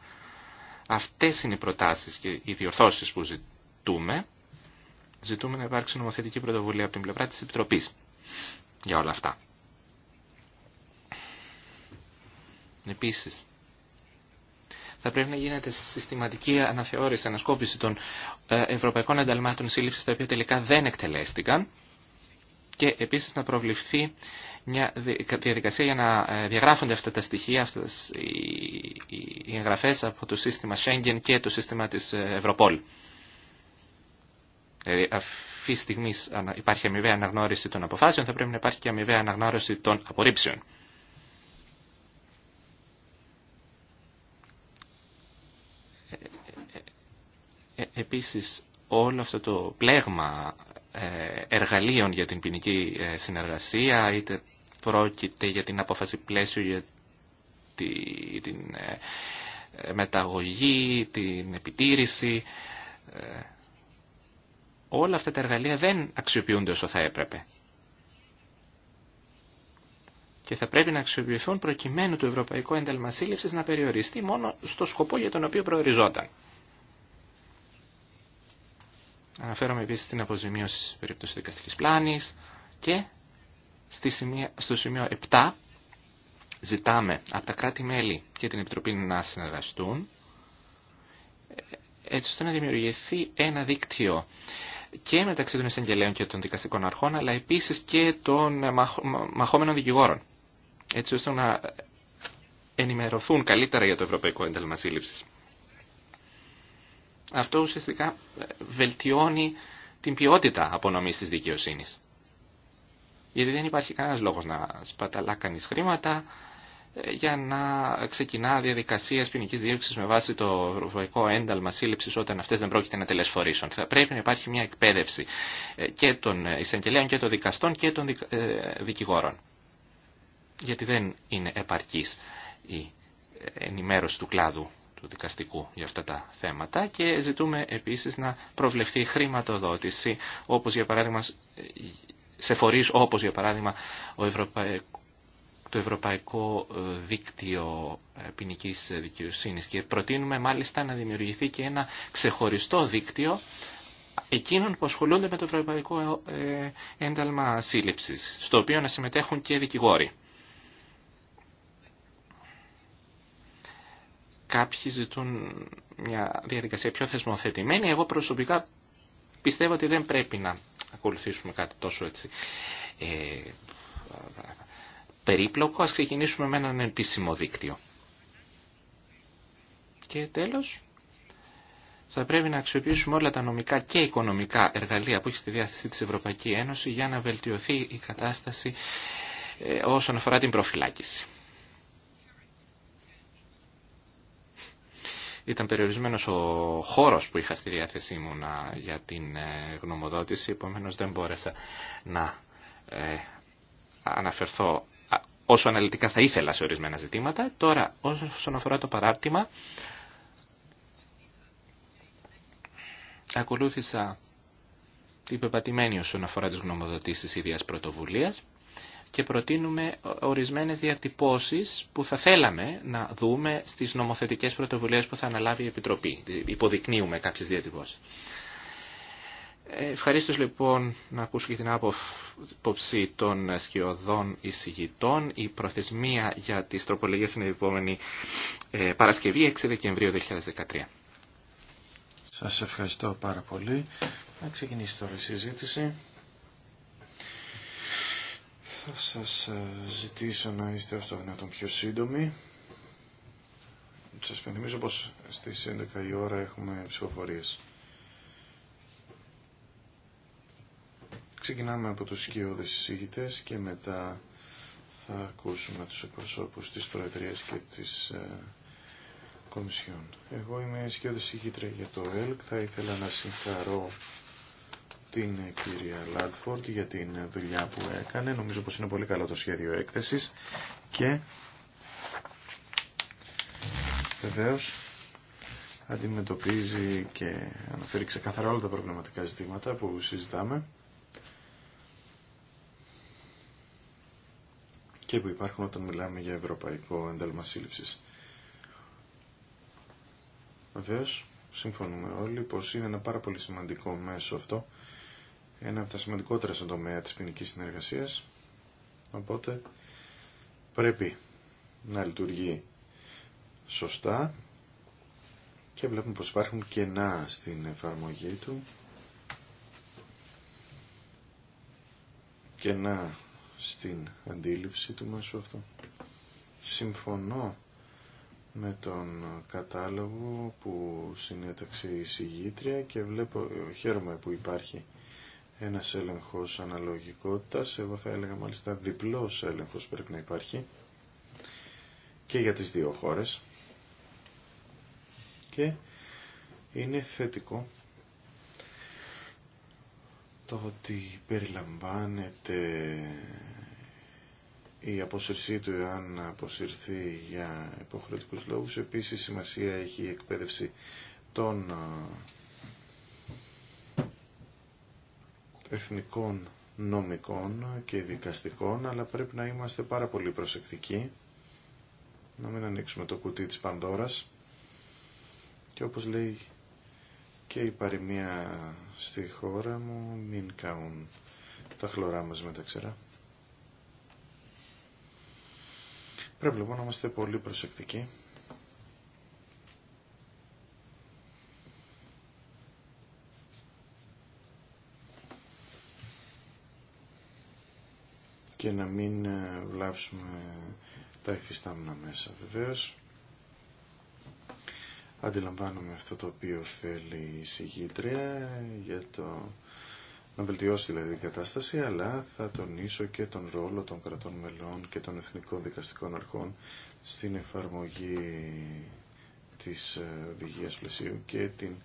Speaker 4: Αυτές είναι οι προτάσεις και οι διορθώσεις που ζητούμε. Ζητούμε να υπάρξει νομοθετική πρωτοβουλία από την πλευρά της Επιτροπής για όλα αυτά. Επίσης, θα πρέπει να γίνεται συστηματική αναθεώρηση, ανασκόπηση των ε, ευρωπαϊκών ανταλμάτων σύλληψης, τα οποία τελικά δεν εκτελέστηκαν και επίσης να προβληφθεί μια διαδικασία για να ε, διαγράφονται αυτά τα στοιχεία, αυτές οι εγγραφές από το σύστημα Schengen και το σύστημα της ε, Ευρωπόλ. Δηλαδή αυτή τη στιγμή υπάρχει αμοιβαία αναγνώριση των αποφάσεων, θα πρέπει να υπάρχει και αμοιβαία αναγνώριση των απορρίψεων. Ε, επίσης όλο αυτό το πλέγμα ε, εργαλείων για την ποινική ε, συνεργασία, είτε πρόκειται για την απόφαση πλαίσιο για την ε, μεταγωγή, την επιτήρηση. Όλα αυτά τα εργαλεία δεν αξιοποιούνται όσο θα έπρεπε. Και θα πρέπει να αξιοποιηθούν προκειμένου το Ευρωπαϊκό Ένταλμα να περιοριστεί μόνο στο σκοπό για τον οποίο προοριζόταν. Αναφέρομαι επίσης στην αποζημίωση σε περίπτωση δικαστικής πλάνης και στη στο σημείο 7 ζητάμε από τα κράτη-μέλη και την Επιτροπή να συνεργαστούν έτσι ώστε να δημιουργηθεί ένα δίκτυο και μεταξύ των εισαγγελέων και των δικαστικών αρχών, αλλά επίσης και των μαχόμενων δικηγόρων, έτσι ώστε να ενημερωθούν καλύτερα για το Ευρωπαϊκό Ένταλμα αυτό ουσιαστικά ε, βελτιώνει την ποιότητα απονομής της δικαιοσύνης. Γιατί δεν υπάρχει κανένας λόγος να σπαταλά κανείς χρήματα ε, για να ξεκινά διαδικασία ποινική δίωξη με βάση το ευρωπαϊκό ένταλμα σύλληψη όταν αυτέ δεν πρόκειται να τελεσφορήσουν. Θα πρέπει να υπάρχει μια εκπαίδευση ε, και των εισαγγελέων και των δικαστών και των δικηγόρων. Γιατί δεν είναι επαρκή η ενημέρωση του κλάδου του δικαστικού για αυτά τα θέματα και ζητούμε επίσης να προβλεφθεί χρηματοδότηση όπως για παράδειγμα σε φορείς όπως για παράδειγμα το Ευρωπαϊκό Δίκτυο ποινική Δικαιοσύνη, και προτείνουμε μάλιστα να δημιουργηθεί και ένα ξεχωριστό δίκτυο εκείνων που ασχολούνται με το Ευρωπαϊκό ε, Ένταλμα Σύλληψης, στο οποίο να συμμετέχουν και δικηγόροι. Κάποιοι ζητούν μια διαδικασία πιο θεσμοθετημένη. Εγώ προσωπικά πιστεύω ότι δεν πρέπει να ακολουθήσουμε κάτι τόσο έτσι ε, περίπλοκο. Ας ξεκινήσουμε με έναν επίσημο δίκτυο. Και τέλος, θα πρέπει να αξιοποιήσουμε όλα τα νομικά και οικονομικά εργαλεία που έχει στη διάθεση της Ευρωπαϊκή Ένωση για να βελτιωθεί η κατάσταση ε, όσον αφορά την προφυλάκηση. Ήταν περιορισμένος ο χώρος που είχα στη διάθεσή μου για την ε, γνωμοδότηση, επομένως δεν μπόρεσα να ε, αναφερθώ όσο αναλυτικά θα ήθελα σε ορισμένα ζητήματα. Τώρα, όσον αφορά το παράρτημα, ακολούθησα την πεπατημένη όσον αφορά τις γνωμοδοτήσεις ίδιας πρωτοβουλίας και προτείνουμε ορισμένες διατυπώσεις που θα θέλαμε να δούμε στις νομοθετικές πρωτοβουλίες που θα αναλάβει η Επιτροπή. Υποδεικνύουμε κάποιες διατυπώσεις. Ε, ευχαριστώ λοιπόν να ακούσω και την άποψη των σκιωδών εισηγητών. Η προθεσμία για τις τροπολογίες είναι η επόμενη ε, Παρασκευή 6 Δεκεμβρίου 2013.
Speaker 3: Σας ευχαριστώ πάρα πολύ. Να ξεκινήσει τώρα η συζήτηση. Θα σας ε, ζητήσω να είστε αυτό το δυνατόν πιο σύντομοι. Σας πενθυμίζω πως στις 11 η ώρα έχουμε ψηφοφορίες. Ξεκινάμε από τους σκιώδες εισηγητές και μετά θα ακούσουμε τους εκπροσώπους της Προεδρίας και της ε, Κομισιόν. Εγώ είμαι σκιώδες εισηγήτρια για το ΕΛΚ. Θα ήθελα να συγχαρώ την κυρία Λάντφορτ για την δουλειά που έκανε. Νομίζω πως είναι πολύ καλό το σχέδιο έκθεσης και βεβαίω αντιμετωπίζει και αναφέρει ξεκαθαρά όλα τα προβληματικά ζητήματα που συζητάμε και που υπάρχουν όταν μιλάμε για ευρωπαϊκό ένταλμα σύλληψης. Βεβαίω, συμφωνούμε όλοι πως είναι ένα πάρα πολύ σημαντικό μέσο αυτό ένα από τα σημαντικότερα στον τομέα της ποινική συνεργασίας. Οπότε πρέπει να λειτουργεί σωστά και βλέπουμε πως υπάρχουν κενά στην εφαρμογή του. Κενά στην αντίληψη του μέσου αυτό. Συμφωνώ με τον κατάλογο που συνέταξε η συγγήτρια και βλέπω, χαίρομαι που υπάρχει ένα έλεγχος αναλογικότητας, εγώ θα έλεγα μάλιστα διπλός έλεγχος πρέπει να υπάρχει και για τις δύο χώρες και είναι θετικό το ότι περιλαμβάνεται η αποσυρσή του εάν αποσυρθεί για υποχρεωτικούς λόγους. Επίσης σημασία έχει η εκπαίδευση των εθνικών νομικών και δικαστικών, αλλά πρέπει να είμαστε πάρα πολύ προσεκτικοί, να μην ανοίξουμε το κουτί της Πανδώρας. Και όπως λέει και η παροιμία στη χώρα μου, μην καούν τα χλωρά μας με τα ξερά. Πρέπει λοιπόν να είμαστε πολύ προσεκτικοί και να μην ε, βλάψουμε τα εφιστάμενα μέσα. Βεβαίως, αντιλαμβάνομαι αυτό το οποίο θέλει η συγγήτρια για το να βελτιώσει δηλαδή την κατάσταση, αλλά θα τονίσω και τον ρόλο των κρατών μελών και των εθνικών δικαστικών αρχών στην εφαρμογή της ε, οδηγίας πλαισίου και την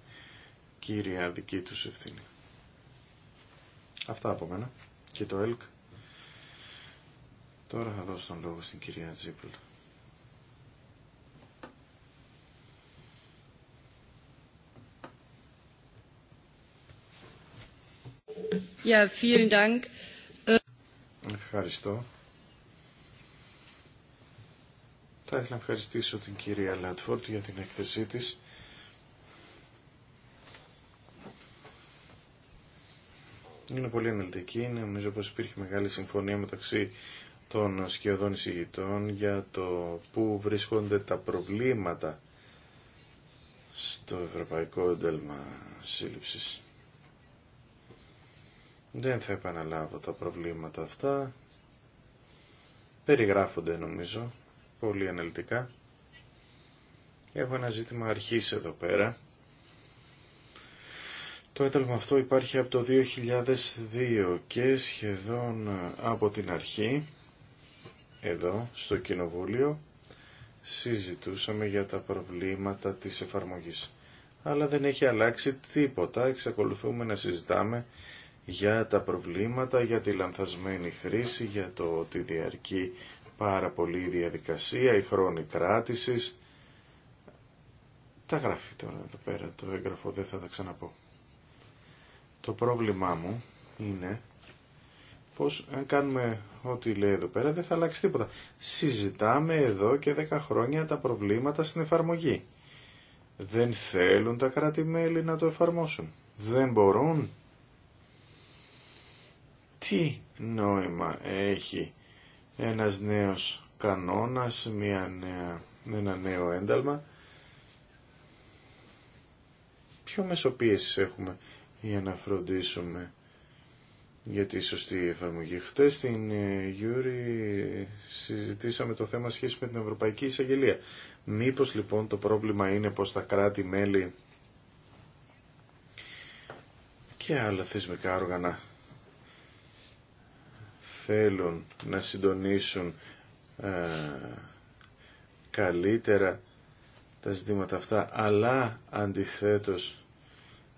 Speaker 3: κύρια δική τους ευθύνη. Αυτά από μένα και το ΕΛΚ Τώρα θα δώσω τον λόγο στην κυρία Τζίπλ. vielen Ευχαριστώ. Θα ήθελα να ευχαριστήσω την κυρία Λατφόρτ για την έκθεσή της. Είναι πολύ αναλυτική, νομίζω πως υπήρχε μεγάλη συμφωνία μεταξύ των σχεδόν εισηγητών για το πού βρίσκονται τα προβλήματα στο Ευρωπαϊκό Εντέλμα Σύλληψης. Δεν θα επαναλάβω τα προβλήματα αυτά. Περιγράφονται νομίζω πολύ αναλυτικά. Έχω ένα ζήτημα αρχής εδώ πέρα. Το ένταλμα αυτό υπάρχει από το 2002 και σχεδόν από την αρχή εδώ στο Κοινοβούλιο συζητούσαμε για τα προβλήματα της εφαρμογής. Αλλά δεν έχει αλλάξει τίποτα, εξακολουθούμε να συζητάμε για τα προβλήματα, για τη λανθασμένη χρήση, για το ότι διαρκεί πάρα πολύ η διαδικασία, η χρόνη κράτησης. Τα γράφει τώρα εδώ πέρα το έγγραφο, δεν θα τα ξαναπώ. Το πρόβλημά μου είναι πως αν κάνουμε ό,τι λέει εδώ πέρα δεν θα αλλάξει τίποτα. Συζητάμε εδώ και 10 χρόνια τα προβλήματα στην εφαρμογή. Δεν θέλουν τα κράτη-μέλη να το εφαρμόσουν. Δεν μπορούν. Τι νόημα έχει ένας νέος κανόνας, μια νέα, ένα νέο ένταλμα. Ποιο μεσοπίεση έχουμε για να φροντίσουμε για τη σωστή εφαρμογή. Χθε στην ε, Γιούρη συζητήσαμε το θέμα σχέση με την Ευρωπαϊκή Εισαγγελία. Μήπως λοιπόν το πρόβλημα είναι πως τα κράτη-μέλη και άλλα θεσμικά όργανα θέλουν να συντονίσουν ε, καλύτερα τα ζητήματα αυτά, αλλά αντιθέτως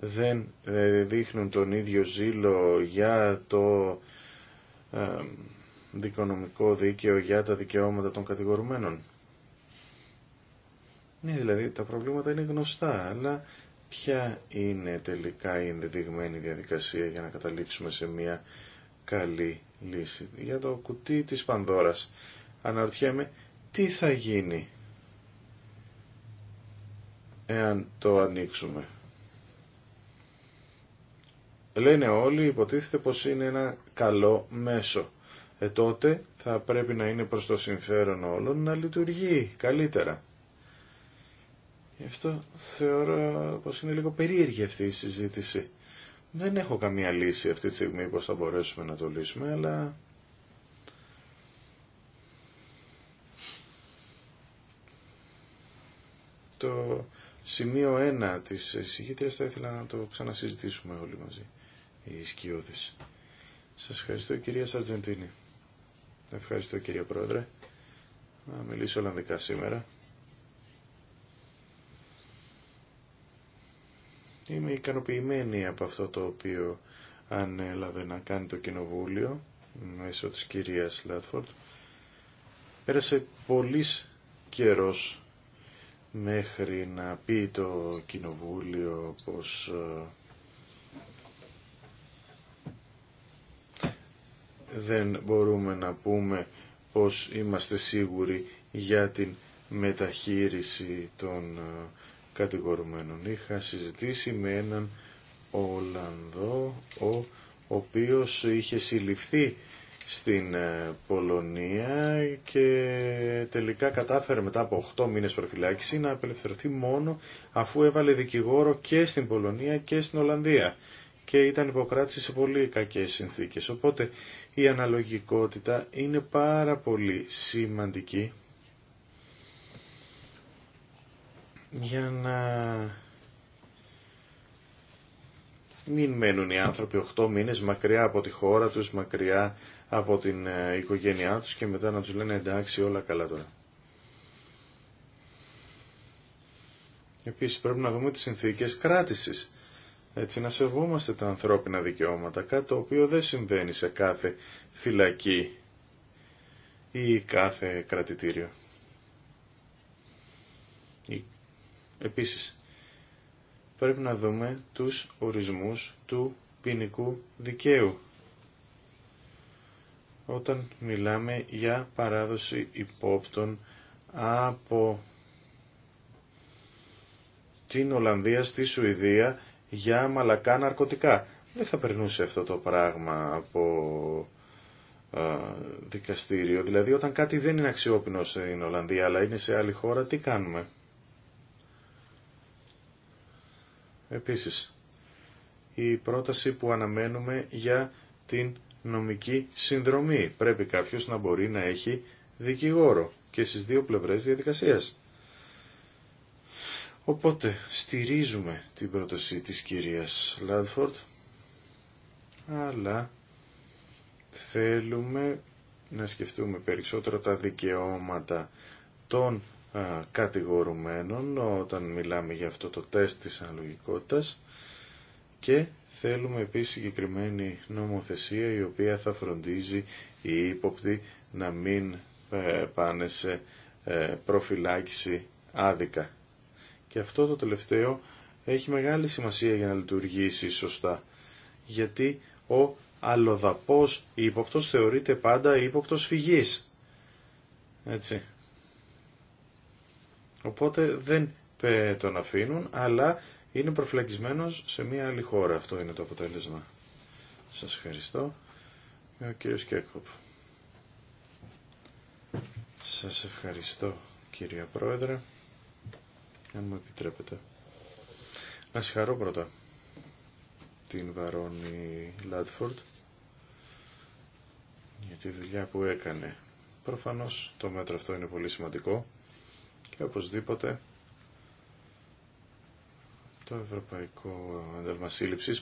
Speaker 3: δεν ε, δείχνουν τον ίδιο ζήλο για το ε, δικονομικό δίκαιο, για τα δικαιώματα των κατηγορουμένων. Ναι, δηλαδή τα προβλήματα είναι γνωστά, αλλά ποια είναι τελικά η ενδεδειγμένη διαδικασία για να καταλήξουμε σε μια καλή λύση. Για το κουτί της Πανδώρας αναρωτιέμαι τι θα γίνει εάν το ανοίξουμε. Λένε όλοι, υποτίθεται πως είναι ένα καλό μέσο. Ε, τότε θα πρέπει να είναι προς το συμφέρον όλων να λειτουργεί καλύτερα. Γι' αυτό θεωρώ πως είναι λίγο περίεργη αυτή η συζήτηση. Δεν έχω καμία λύση αυτή τη στιγμή πως θα μπορέσουμε να το λύσουμε, αλλά... Το σημείο 1 της εισηγήτριας θα ήθελα να το ξανασυζητήσουμε όλοι μαζί. Σα Σας ευχαριστώ κυρία Σαρτζεντίνη. Ευχαριστώ κύριε Πρόεδρε. Να μιλήσω Ολλανδικά σήμερα. Είμαι ικανοποιημένη από αυτό το οποίο ανέλαβε να κάνει το Κοινοβούλιο μέσω της κυρίας Λάτφορντ. Πέρασε πολύς καιρός μέχρι να πει το Κοινοβούλιο πως ε, δεν μπορούμε να πούμε πως είμαστε σίγουροι για την μεταχείριση των ε, κατηγορουμένων. Είχα συζητήσει με έναν Ολλανδό, ο οποίος είχε συλληφθεί στην ε, Πολωνία και τελικά κατάφερε μετά από 8 μήνες προφυλάκηση να απελευθερωθεί μόνο αφού έβαλε δικηγόρο και στην Πολωνία και στην Ολλανδία και ήταν υποκράτηση σε πολύ κακές συνθήκες. Οπότε η αναλογικότητα είναι πάρα πολύ σημαντική για να μην μένουν οι άνθρωποι 8 μήνες μακριά από τη χώρα τους, μακριά από την ε, οικογένειά τους και μετά να τους λένε εντάξει όλα καλά τώρα. Επίσης πρέπει να δούμε τις συνθήκες κράτησης έτσι να σεβόμαστε τα ανθρώπινα δικαιώματα, κάτι το οποίο δεν συμβαίνει σε κάθε φυλακή ή κάθε κρατητήριο. Επίσης, πρέπει να δούμε τους ορισμούς του ποινικού δικαίου. Όταν μιλάμε για παράδοση υπόπτων από την Ολλανδία στη Σουηδία για μαλακά ναρκωτικά. Δεν θα περνούσε αυτό το πράγμα από ε, δικαστήριο. Δηλαδή όταν κάτι δεν είναι αξιόπινο στην Ολλανδία αλλά είναι σε άλλη χώρα, τι κάνουμε. Επίσης, η πρόταση που αναμένουμε για την νομική συνδρομή. Πρέπει κάποιος να μπορεί να έχει δικηγόρο και στις δύο πλευρές διαδικασίας. Οπότε στηρίζουμε την πρόταση της κυρίας Λάντφορντ, αλλά θέλουμε να σκεφτούμε περισσότερο τα δικαιώματα των κατηγορουμένων όταν μιλάμε για αυτό το τεστ της αναλογικότητας και θέλουμε επίσης συγκεκριμένη νομοθεσία η οποία θα φροντίζει οι ύποπτοι να μην ε, πάνε σε ε, προφυλάκηση άδικα και αυτό το τελευταίο έχει μεγάλη σημασία για να λειτουργήσει σωστά. Γιατί ο αλλοδαπός ύποπτο θεωρείται πάντα ύποπτο φυγής. Έτσι. Οπότε δεν τον αφήνουν, αλλά είναι προφυλακισμένος σε μια άλλη χώρα. Αυτό είναι το αποτέλεσμα. Σας ευχαριστώ. Ο κύριος Κέκοπ. Σας ευχαριστώ κύριε Πρόεδρε αν μου επιτρέπετε. Να συγχαρώ πρώτα την Βαρόνη Λάντφορντ για τη δουλειά που έκανε. Προφανώς το μέτρο αυτό είναι πολύ σημαντικό και οπωσδήποτε το Ευρωπαϊκό Ένταλμα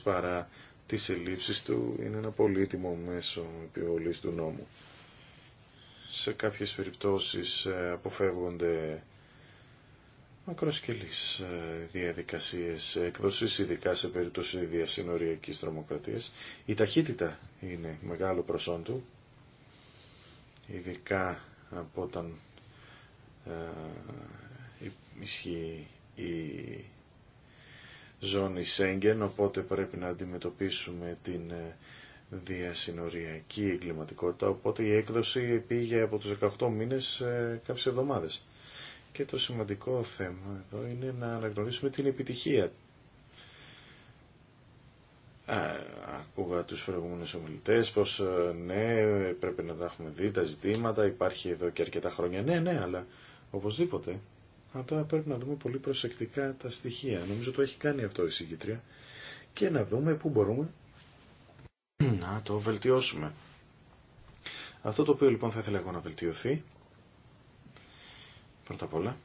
Speaker 3: παρά τις ελλείψεις του είναι ένα πολύτιμο μέσο επιβολής του νόμου. Σε κάποιες περιπτώσεις ε, αποφεύγονται Μακροσκελής ε, διαδικασίες έκδοσης, ειδικά σε περίπτωση διασυνοριακής τρομοκρατίας. Η ταχύτητα είναι μεγάλο προσόν του, ειδικά από όταν ε, ισχύει η ζώνη Σέγγεν, οπότε πρέπει να αντιμετωπίσουμε την ε, διασυνοριακή εγκληματικότητα, οπότε η έκδοση πήγε από τους 18 μήνες κάποιες εβδομάδες. Και το σημαντικό θέμα εδώ είναι να αναγνωρίσουμε την επιτυχία. Α, ακούγα τους προηγούμενους ομιλητές πως ε, ναι πρέπει να τα έχουμε δει τα ζητήματα, υπάρχει εδώ και αρκετά χρόνια. Ναι, ναι, αλλά οπωσδήποτε. Αλλά τώρα πρέπει να δούμε πολύ προσεκτικά τα στοιχεία. Νομίζω το έχει κάνει αυτό η συγκήτρια. Και να δούμε πού μπορούμε να το βελτιώσουμε. Αυτό το οποίο λοιπόν θα ήθελα εγώ να βελτιωθεί πρώτα απ' όλα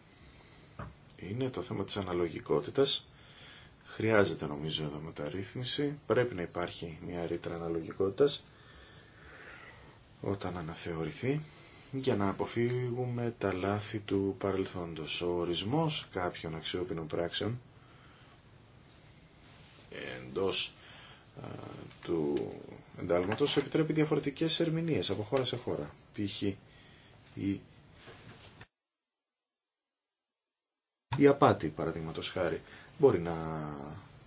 Speaker 3: είναι το θέμα της αναλογικότητας. Χρειάζεται νομίζω εδώ μεταρρύθμιση. Πρέπει να υπάρχει μια ρήτρα αναλογικότητας όταν αναθεωρηθεί για να αποφύγουμε τα λάθη του παρελθόντος. Ο ορισμός κάποιων αξιόπινων πράξεων εντός του εντάλματος επιτρέπει διαφορετικές ερμηνείες από χώρα σε χώρα. Π.χ. η Η απάτη, παραδείγματο χάρη, μπορεί να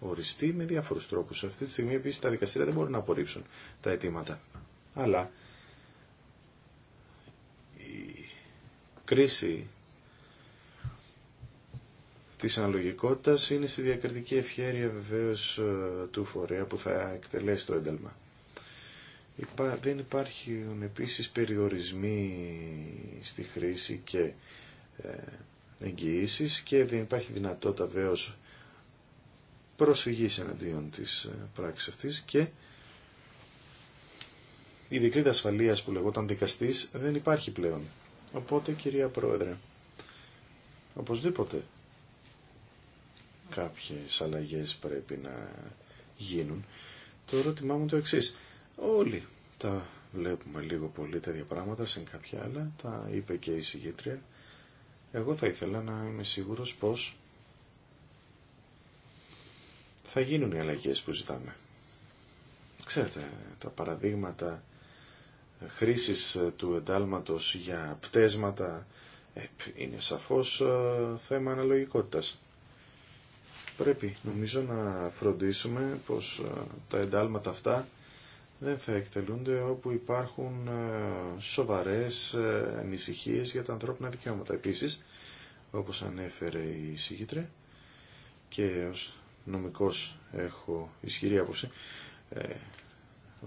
Speaker 3: οριστεί με διάφορους τρόπους. Αυτή τη στιγμή επίση τα δικαστήρια δεν μπορούν να απορρίψουν τα αιτήματα. Αλλά η κρίση της αναλογικότητας είναι στη διακριτική ευχαίρεια βεβαίως του φορέα που θα εκτελέσει το ένταλμα. Δεν υπάρχουν επίσης περιορισμοί στη χρήση και ε, εγγυήσεις και δεν υπάρχει δυνατότητα βέβαιως προσφυγής εναντίον της ε, πράξης αυτής και η της ασφαλείας που λεγόταν δικαστής δεν υπάρχει πλέον. Οπότε κυρία Πρόεδρε, οπωσδήποτε κάποιες αλλαγές πρέπει να γίνουν. Το ερώτημά μου το εξή. Όλοι τα βλέπουμε λίγο πολύ τέτοια πράγματα, σε κάποια άλλα, τα είπε και η συγγήτρια. Εγώ θα ήθελα να είμαι σίγουρος πως θα γίνουν οι αλλαγές που ζητάμε. Ξέρετε, τα παραδείγματα χρήσης ε, του εντάλματος για πτέσματα ε, είναι σαφώς ε, θέμα αναλογικότητας. Πρέπει νομίζω να φροντίσουμε πως τα εντάλματα αυτά δεν θα εκτελούνται όπου υπάρχουν ε, σοβαρές ε, ανησυχίες για τα ανθρώπινα δικαιώματα. Επίσης, όπως ανέφερε η Σίγητρε και ως νομικός έχω ισχυρή άποψη ε,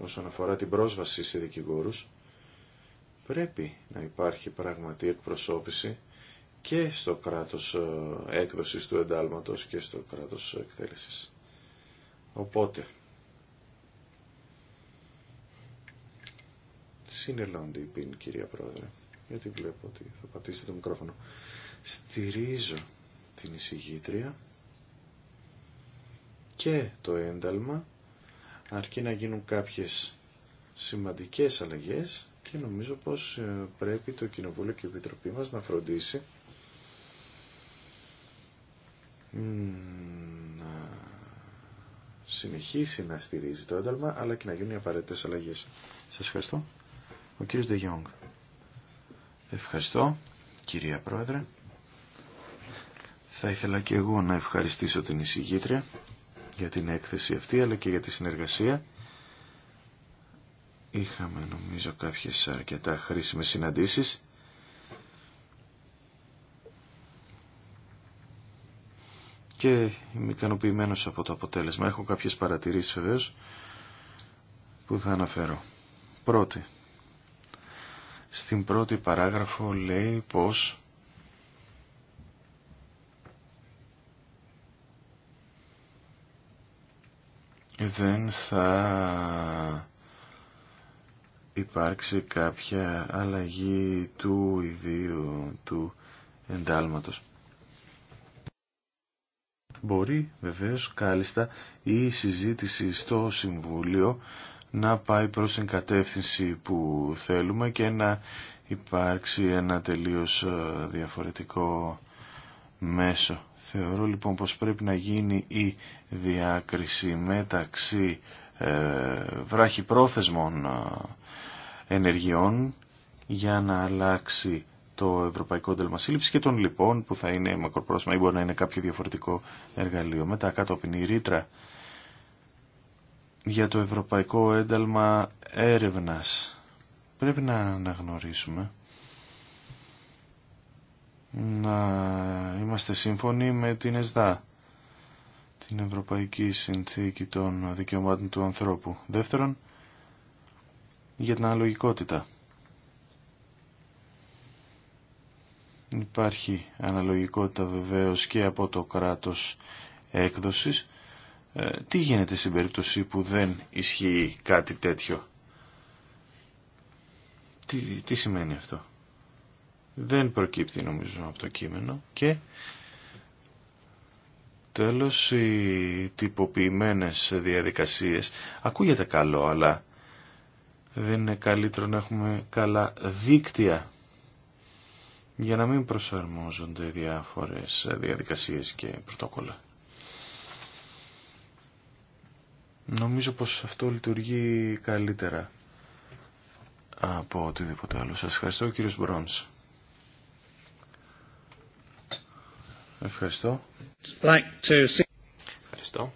Speaker 3: όσον αφορά την πρόσβαση σε δικηγόρους, πρέπει να υπάρχει πραγματική εκπροσώπηση και στο κράτος ε, έκδοσης του εντάλματος και στο κράτος εκτέλεσης. Οπότε, Συνελώνται η κυρία Πρόεδρε, γιατί βλέπω ότι θα πατήσετε το μικρόφωνο. Στηρίζω την εισηγήτρια και το ένταλμα, αρκεί να γίνουν κάποιες σημαντικές αλλαγές και νομίζω πως ε, πρέπει το Κοινοβούλιο και η Επιτροπή μας να φροντίσει να συνεχίσει να στηρίζει το ένταλμα αλλά και να γίνουν οι απαραίτητες αλλαγές. Σας ευχαριστώ. Ο κύριος Ντεγιόγκ. Ευχαριστώ, κυρία Πρόεδρε. Θα ήθελα και εγώ να ευχαριστήσω την εισηγήτρια για την έκθεση αυτή, αλλά και για τη συνεργασία. Είχαμε, νομίζω, κάποιες αρκετά χρήσιμες συναντήσεις. και είμαι ικανοποιημένος από το αποτέλεσμα. Έχω κάποιες παρατηρήσεις βεβαίω που θα αναφέρω. Πρώτη, στην πρώτη παράγραφο λέει πως δεν θα υπάρξει κάποια αλλαγή του ιδίου του εντάλματος. Μπορεί βεβαίως κάλλιστα η συζήτηση στο Συμβούλιο να πάει προς την κατεύθυνση που θέλουμε και να υπάρξει ένα τελείως ε, διαφορετικό μέσο. Θεωρώ λοιπόν πως πρέπει να γίνει η διάκριση μεταξύ ε, βράχυπρόθεσμων ε, ενεργειών για να αλλάξει το Ευρωπαϊκό Τέλμα Σύλληψη και των λοιπόν που θα είναι μακροπρόθεσμα ή μπορεί να είναι κάποιο διαφορετικό εργαλείο. Μετά κάτω από η μπορει να ειναι καποιο διαφορετικο εργαλειο μετα κατω απο την ρητρα για το Ευρωπαϊκό Ένταλμα Έρευνας. Πρέπει να αναγνωρίσουμε να είμαστε σύμφωνοι με την ΕΣΔΑ, την Ευρωπαϊκή Συνθήκη των Δικαιωμάτων του Ανθρώπου. Δεύτερον, για την αναλογικότητα. Υπάρχει αναλογικότητα βεβαίως και από το κράτος έκδοσης ε, τι γίνεται στην περίπτωση που δεν ισχύει κάτι τέτοιο. Τι, τι σημαίνει αυτό. Δεν προκύπτει νομίζω από το κείμενο και τέλος οι τυποποιημένες διαδικασίες ακούγεται καλό αλλά δεν είναι καλύτερο να έχουμε καλά δίκτυα για να μην προσαρμόζονται διάφορες διαδικασίες και πρωτόκολλα. Νομίζω πως αυτό λειτουργεί καλύτερα από οτιδήποτε άλλο. Σας ευχαριστώ κύριος Μπρόνς. Ευχαριστώ.
Speaker 4: Ευχαριστώ.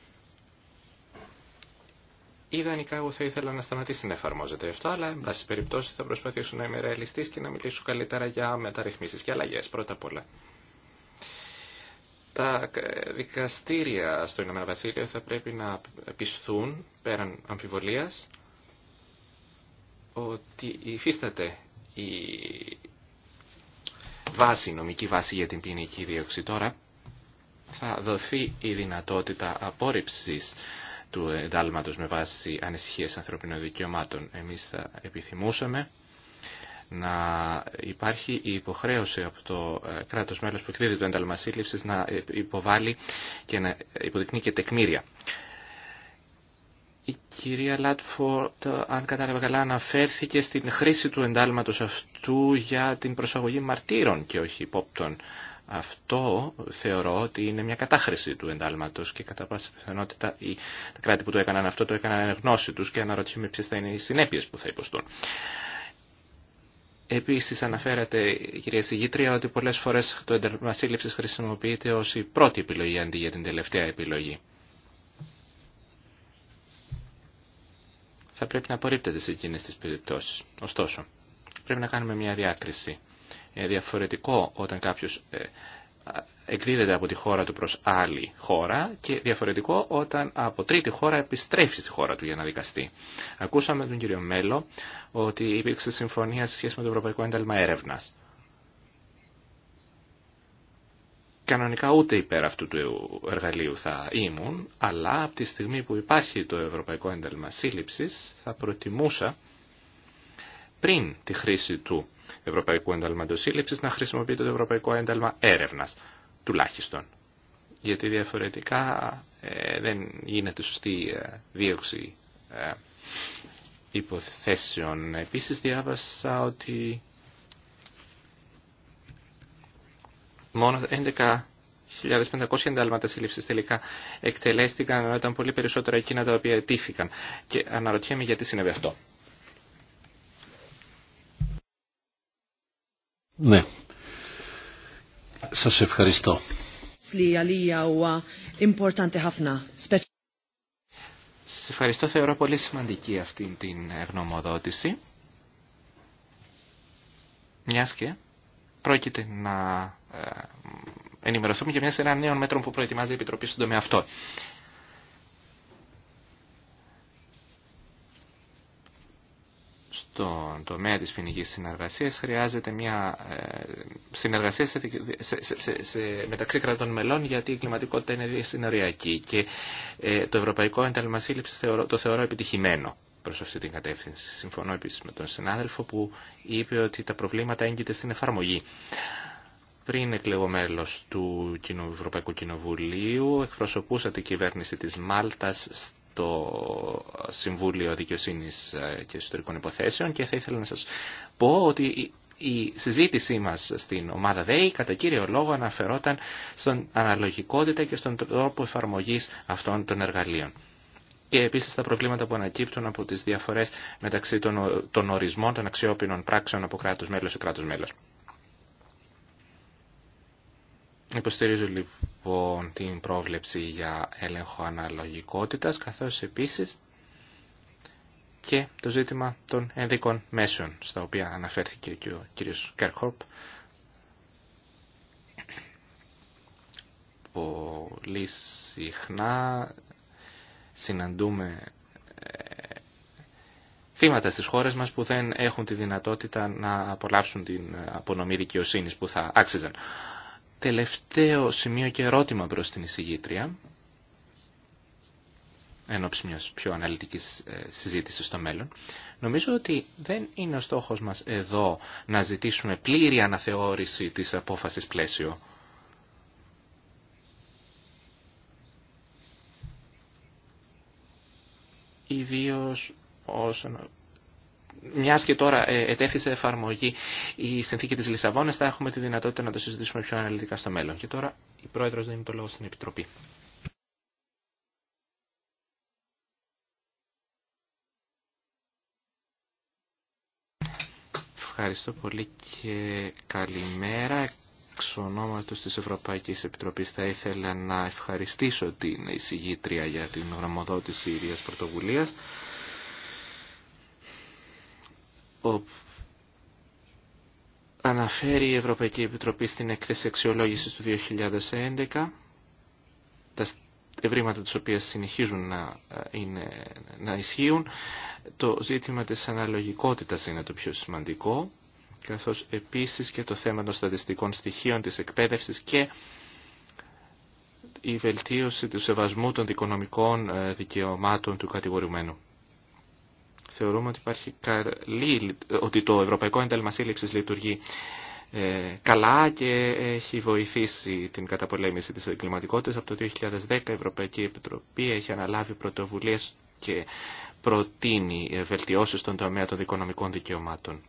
Speaker 4: Ιδανικά εγώ θα ήθελα να σταματήσει να εφαρμόζεται αυτό, αλλά εν πάση περιπτώσει θα προσπαθήσω να είμαι ρεαλιστής και να μιλήσω καλύτερα για μεταρρυθμίσεις και αλλαγές πρώτα απ' όλα τα ε, δικαστήρια στο Ηνωμένο Βασίλειο θα πρέπει να πισθούν πέραν αμφιβολίας ότι υφίσταται η βάση, νομική βάση για την ποινική δίωξη τώρα θα δοθεί η δυνατότητα απόρριψης του εντάλματος με βάση ανησυχίες ανθρωπινών δικαιωμάτων. Εμείς θα επιθυμούσαμε να υπάρχει η υποχρέωση από το ε, κράτος μέλος που εκδίδει το ένταλμα σύλληψης να ε, υποβάλει και να υποδεικνύει και τεκμήρια. Η κυρία Λάτφορτ, αν κατάλαβα καλά, αναφέρθηκε στην χρήση του εντάλματος αυτού για την προσαγωγή μαρτύρων και όχι υπόπτων. Αυτό θεωρώ ότι είναι μια κατάχρηση του εντάλματος και κατά πάσα πιθανότητα τα κράτη που το έκαναν αυτό το έκαναν εν γνώση τους και αναρωτιέμαι ποιες θα είναι οι συνέπειες που θα υποστούν. Επίσης αναφέρατε, κυρία Συγήτρια, ότι πολλές φορές το ένταλμα χρησιμοποιείται ω η πρώτη επιλογή αντί για την τελευταία επιλογή. Θα πρέπει να απορρίπτεται σε εκείνε τις περιπτώσει. Ωστόσο, πρέπει να κάνουμε μια διάκριση. Ε, διαφορετικό όταν κάποιος ε, εκδίδεται από τη χώρα του προς άλλη χώρα και διαφορετικό όταν από τρίτη χώρα επιστρέφει στη χώρα του για να δικαστεί. Ακούσαμε τον κύριο Μέλο ότι υπήρξε συμφωνία σε σχέση με το Ευρωπαϊκό Ένταλμα έρευνα. Κανονικά ούτε υπέρ αυτού του εργαλείου θα ήμουν, αλλά από τη στιγμή που υπάρχει το Ευρωπαϊκό Ένταλμα Σύλληψης θα προτιμούσα πριν τη χρήση του Ευρωπαϊκού Ένταλματος Σύλληψης να χρησιμοποιείται το Ευρωπαϊκό Ένταλμα έρευνα τουλάχιστον. Γιατί διαφορετικά ε, δεν γίνεται σωστή ε, δίωξη ε, υποθέσεων. Επίση διάβασα ότι μόνο 11.500 1.500 εντάλματα σύλληψη τελικά εκτελέστηκαν, ενώ ήταν πολύ περισσότερα εκείνα τα οποία αιτήθηκαν. Και αναρωτιέμαι γιατί συνέβη αυτό.
Speaker 2: Ναι. Σας ευχαριστώ.
Speaker 4: Σας ευχαριστώ. Θεωρώ πολύ σημαντική αυτή την γνωμοδότηση. Μια και πρόκειται να ε, ενημερωθούμε και μια σειρά νέο μέτρο που προετοιμάζει η Επιτροπή στον τομέα αυτό. στον τομέα της ποινικής συνεργασίας χρειάζεται μια ε, συνεργασία σε, σε, σε, μεταξύ κρατών μελών γιατί η κλιματικότητα είναι διασυνοριακή και ε, το Ευρωπαϊκό Ένταλμα το θεωρώ επιτυχημένο προς αυτή την κατεύθυνση. Συμφωνώ επίσης με τον συνάδελφο που είπε ότι τα προβλήματα έγκυται στην εφαρμογή. Πριν εκλεγώ μέλο του Ευρωπαϊκού Κοινοβουλίου, εκπροσωπούσα την κυβέρνηση της Μάλτας το Συμβούλιο Δικαιοσύνης ε, και Ιστορικών Υποθέσεων και θα ήθελα να σας πω ότι η συζήτησή μας στην ομάδα ΔΕΗ κατά κύριο λόγο αναφερόταν στον αναλογικότητα και στον τρόπο εφαρμογής αυτών των εργαλείων. Και επίσης τα προβλήματα που ανακύπτουν από τις διαφορές μεταξύ των ορισμών των αξιόπινων πράξεων από κράτος μέλος σε κράτος μέλος. Υποστηρίζω λοιπόν την πρόβλεψη για έλεγχο αναλογικότητας, καθώς επίσης και το ζήτημα των ενδικών μέσων, στα οποία αναφέρθηκε και ο κ. Κέρκορπ. Πολύ συχνά συναντούμε ε, θύματα στις χώρες μας που δεν έχουν τη δυνατότητα να απολαύσουν την απονομή δικαιοσύνης που θα άξιζαν τελευταίο σημείο και ερώτημα προς την εισηγήτρια, ενώ μιας πιο αναλυτικής ε, συζήτησης στο μέλλον. Νομίζω ότι δεν είναι ο στόχος μας εδώ να ζητήσουμε πλήρη αναθεώρηση της απόφασης πλαίσιο. Ιδίως όσον μιας και τώρα ε, ετέθησε εφαρμογή η συνθήκη της Λισαβόνα. θα έχουμε τη δυνατότητα να το συζητήσουμε πιο αναλυτικά στο μέλλον. Και τώρα η Πρόεδρος δίνει το λόγο στην Επιτροπή. Ευχαριστώ πολύ και καλημέρα. Εξ ονόματος της Ευρωπαϊκής Επιτροπής θα ήθελα να ευχαριστήσω την εισηγήτρια για την γραμμοδότηση ίδιας πρωτοβουλίας αναφέρει η Ευρωπαϊκή Επιτροπή στην έκθεση αξιολόγηση του 2011, τα ευρήματα της οποίας συνεχίζουν να, ε, είναι, ισχύουν, το ζήτημα της αναλογικότητας είναι το πιο σημαντικό, καθώς επίσης και το θέμα των στατιστικών στοιχείων της εκπαίδευσης και η βελτίωση του σεβασμού των δικονομικών ε, δικαιωμάτων του κατηγορουμένου. Θεωρούμε ότι, υπάρχει καλή, ότι το Ευρωπαϊκό Ένταλμα Σύλληψης λειτουργεί ε, καλά και έχει βοηθήσει την καταπολέμηση της εγκληματικότητας. Από το 2010 η Ευρωπαϊκή Επιτροπή έχει αναλάβει πρωτοβουλίες και προτείνει ε, βελτιώσεις στον τομέα των δικονομικών δικαιωμάτων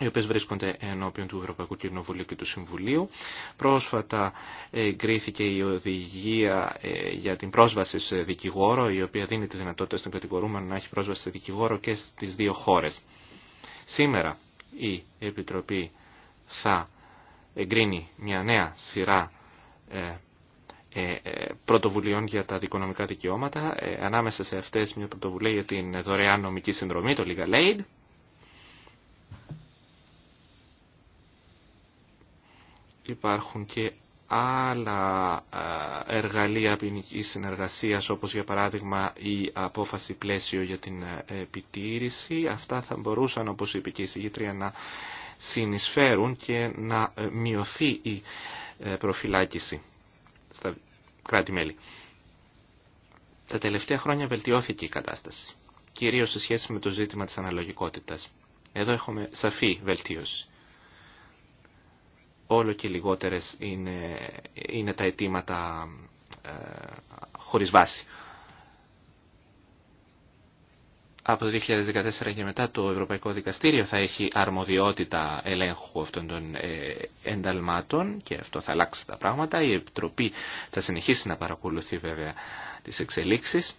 Speaker 4: οι οποίες βρίσκονται ενώπιον του Ευρωπαϊκού Κοινοβουλίου και του Συμβουλίου. Πρόσφατα εγκρίθηκε η οδηγία ε, για την πρόσβαση σε δικηγόρο, η οποία δίνει τη δυνατότητα στον κατηγορούμενο να έχει πρόσβαση σε δικηγόρο και στις δύο χώρες. Σήμερα η Επιτροπή θα εγκρίνει μια νέα σειρά ε, ε, πρωτοβουλειών για τα δικονομικά δικαιώματα, ανάμεσα σε αυτές μια πρωτοβουλία για την δωρεάν νομική συνδρομή, το Legal Aid, υπάρχουν και άλλα εργαλεία ποινικής συνεργασίας, όπως για παράδειγμα η απόφαση πλαίσιο για την επιτήρηση. Αυτά θα μπορούσαν, όπως είπε και η συγγήτρια, να συνεισφέρουν και να ε, μειωθεί η ε, προφυλάκηση στα κράτη-μέλη. Τα τελευταία χρόνια βελτιώθηκε η κατάσταση, κυρίως σε σχέση με το ζήτημα της αναλογικότητας. Εδώ έχουμε σαφή βελτίωση όλο και λιγότερες είναι, τα αιτήματα ε, χωρίς βάση. Από το 2014 και μετά το Ευρωπαϊκό Δικαστήριο θα έχει αρμοδιότητα ελέγχου αυτών των ε, ενταλμάτων και αυτό θα αλλάξει τα πράγματα. Η Επιτροπή θα συνεχίσει να παρακολουθεί βέβαια τις εξελίξεις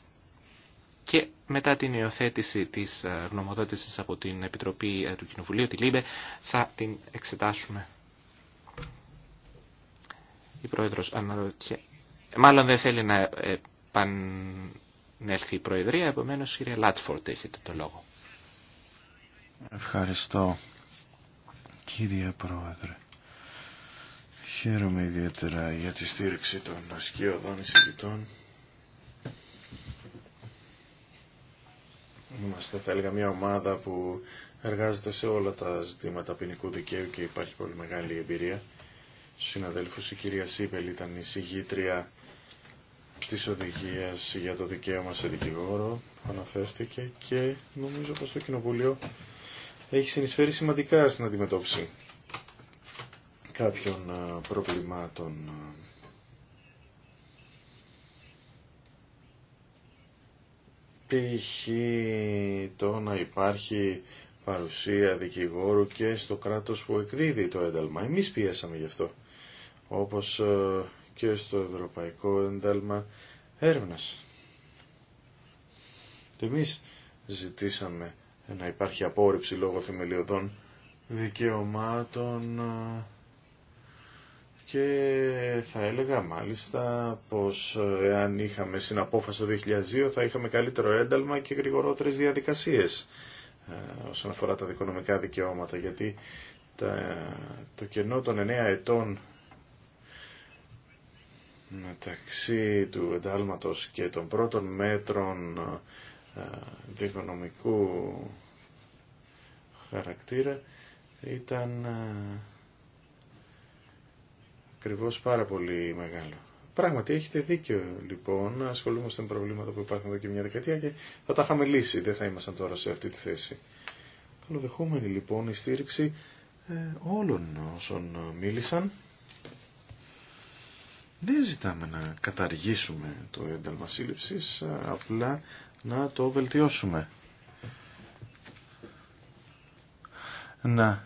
Speaker 4: και μετά την υιοθέτηση της ε, γνωμοδότησης από την Επιτροπή ε, του Κοινοβουλίου, τη ΛΥΜΠΕ, θα την εξετάσουμε η Πρόεδρος αναρωτιέται. Μάλλον δεν θέλει να επανέλθει η Προεδρία, επομένως κύριε Λάτφορντ έχετε το λόγο.
Speaker 3: Ευχαριστώ κύριε Πρόεδρε. Χαίρομαι ιδιαίτερα για τη στήριξη των ασκείωδων εισηγητών. Είμαστε, θα έλεγα, μια ομάδα που εργάζεται σε όλα τα ζητήματα ποινικού δικαίου και υπάρχει πολύ μεγάλη εμπειρία συναδέλφους. Η κυρία Σίπελ ήταν η συγγήτρια της οδηγίας για το δικαίωμα σε δικηγόρο που αναφέρθηκε και νομίζω πως το Κοινοβούλιο έχει συνεισφέρει σημαντικά στην αντιμετώπιση κάποιων προβλημάτων π.χ. το να υπάρχει παρουσία δικηγόρου και στο κράτος που εκδίδει το ένταλμα. Εμείς πιέσαμε γι' αυτό όπως ε, και στο Ευρωπαϊκό Εντάλμα Έρευνας. εμείς ζητήσαμε να υπάρχει απόρριψη λόγω θεμελιωδών δικαιωμάτων ε, και θα έλεγα μάλιστα πως ε, εάν είχαμε συναπόφαση το 2002 θα είχαμε καλύτερο ένταλμα και γρηγορότερες διαδικασίες όσον αφορά τα δικονομικά δικαιώματα γιατί το κενό των 9 ετών μεταξύ του εντάλματος και των πρώτων μέτρων ε, δικονομικού χαρακτήρα ήταν ε, ακριβώ πάρα πολύ μεγάλο. Πράγματι, έχετε δίκιο λοιπόν, ασχολούμαστε με προβλήματα που υπάρχουν εδώ και μια δεκαετία και θα τα είχαμε λύσει, δεν θα ήμασταν τώρα σε αυτή τη θέση. Καλοδεχόμενη λοιπόν η στήριξη ε, όλων όσων μίλησαν. Δεν ζητάμε να καταργήσουμε το ένταλμα απλά να το βελτιώσουμε. Να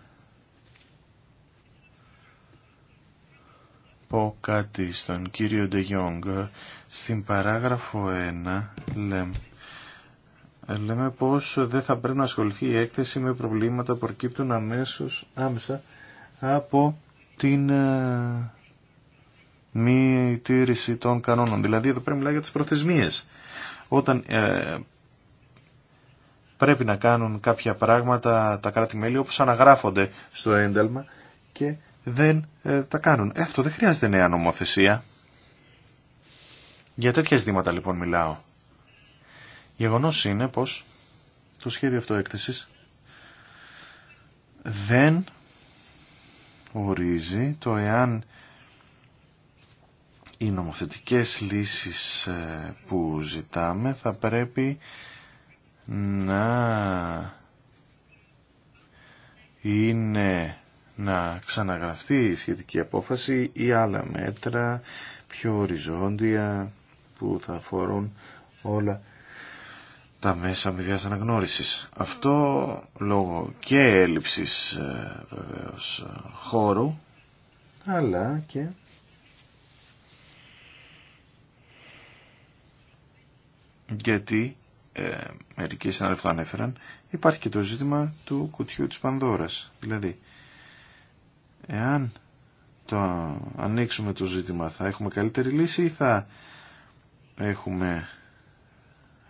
Speaker 3: πω κάτι στον κύριο Ντε Στην παράγραφο 1 λέμε, λέμε πως δεν θα πρέπει να ασχοληθεί η έκθεση με προβλήματα που προκύπτουν αμέσως, άμεσα από την ε, μη τήρηση των κανόνων. Δηλαδή εδώ πρέπει να μιλάω για τις προθεσμίες. Όταν ε, πρέπει να κάνουν κάποια πράγματα τα κράτη-μέλη όπως αναγράφονται στο ένταλμα και δεν ε, τα κάνουν. Ε, αυτό δεν χρειάζεται νέα νομοθεσία. Για τέτοια ζητήματα λοιπόν μιλάω. Γεγονός είναι πως το σχέδιο αυτό έκθεσης δεν ορίζει το εάν οι νομοθετικές λύσεις ε, που ζητάμε θα πρέπει να είναι να ξαναγραφτεί η σχετική απόφαση ή άλλα μέτρα πιο οριζόντια που θα αφορούν όλα τα μέσα αμοιβιάς αναγνώρισης. Αυτό λόγω και έλλειψης ε, βεβαίως χώρου αλλά και γιατί ε, μερικοί συνάδελφοι το ανέφεραν, υπάρχει και το ζήτημα του κουτιού της Πανδώρας. Δηλαδή, εάν το ανοίξουμε το ζήτημα θα έχουμε καλύτερη λύση ή θα έχουμε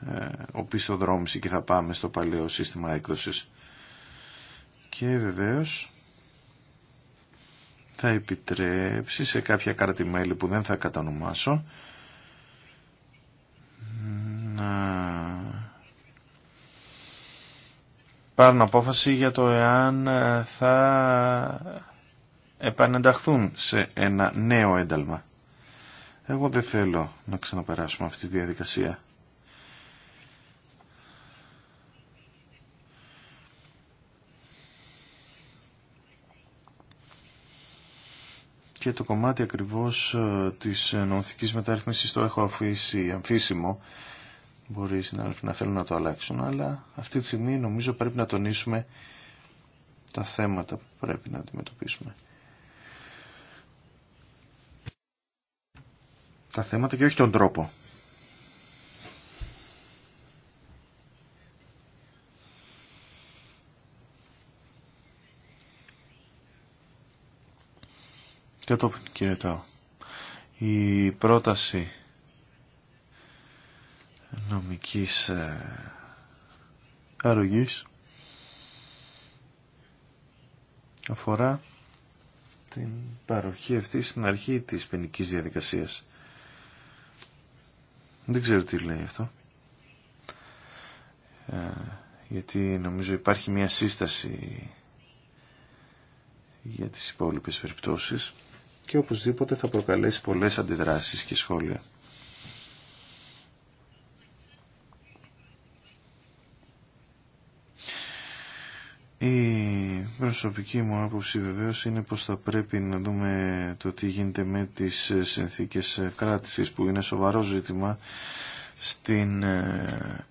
Speaker 3: ε, οπισθοδρόμηση και θα πάμε στο παλαιό σύστημα έκδοσης. Και βεβαίως θα επιτρέψει σε κάποια μέλη που δεν θα κατανομάσω πάρουν απόφαση για το εάν ε, θα επανενταχθούν σε ένα νέο ένταλμα. Εγώ δεν θέλω να ξαναπεράσουμε αυτή τη διαδικασία. Και το κομμάτι ακριβώς ε, της ε, νοοθικής μεταρρύθμισης το έχω αφήσει αμφίσιμο Μπορεί οι συνάδελφοι να θέλουν να το αλλάξουν, αλλά αυτή τη στιγμή νομίζω πρέπει να τονίσουμε τα θέματα που πρέπει να αντιμετωπίσουμε. Τα θέματα και όχι τον τρόπο. Κατόπιν, κύριε Τάου, η πρόταση νομικής ε, αρρωγής αφορά την παροχή αυτή στην αρχή της ποινική διαδικασίας. Δεν ξέρω τι λέει αυτό. Ε, γιατί νομίζω υπάρχει μια σύσταση για τις υπόλοιπες περιπτώσεις και οπωσδήποτε θα προκαλέσει πολλές αντιδράσεις και σχόλια. προσωπική μου άποψη βεβαίω είναι πως θα πρέπει να δούμε το τι γίνεται με τις ε, συνθήκες ε, κράτησης που είναι σοβαρό ζήτημα στην ε,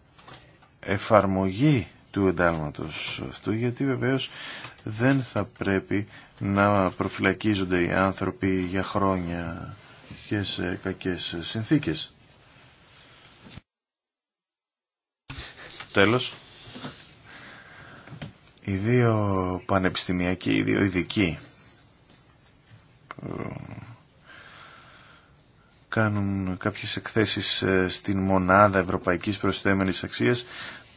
Speaker 3: εφαρμογή του εντάλματος αυτού γιατί βεβαίως δεν θα πρέπει να προφυλακίζονται οι άνθρωποι για χρόνια και σε κακές συνθήκες. Τέλος. Οι δύο πανεπιστημιακοί, οι δύο ειδικοί κάνουν κάποιες εκθέσεις ε, στην μονάδα ευρωπαϊκής προσθέμενης αξίας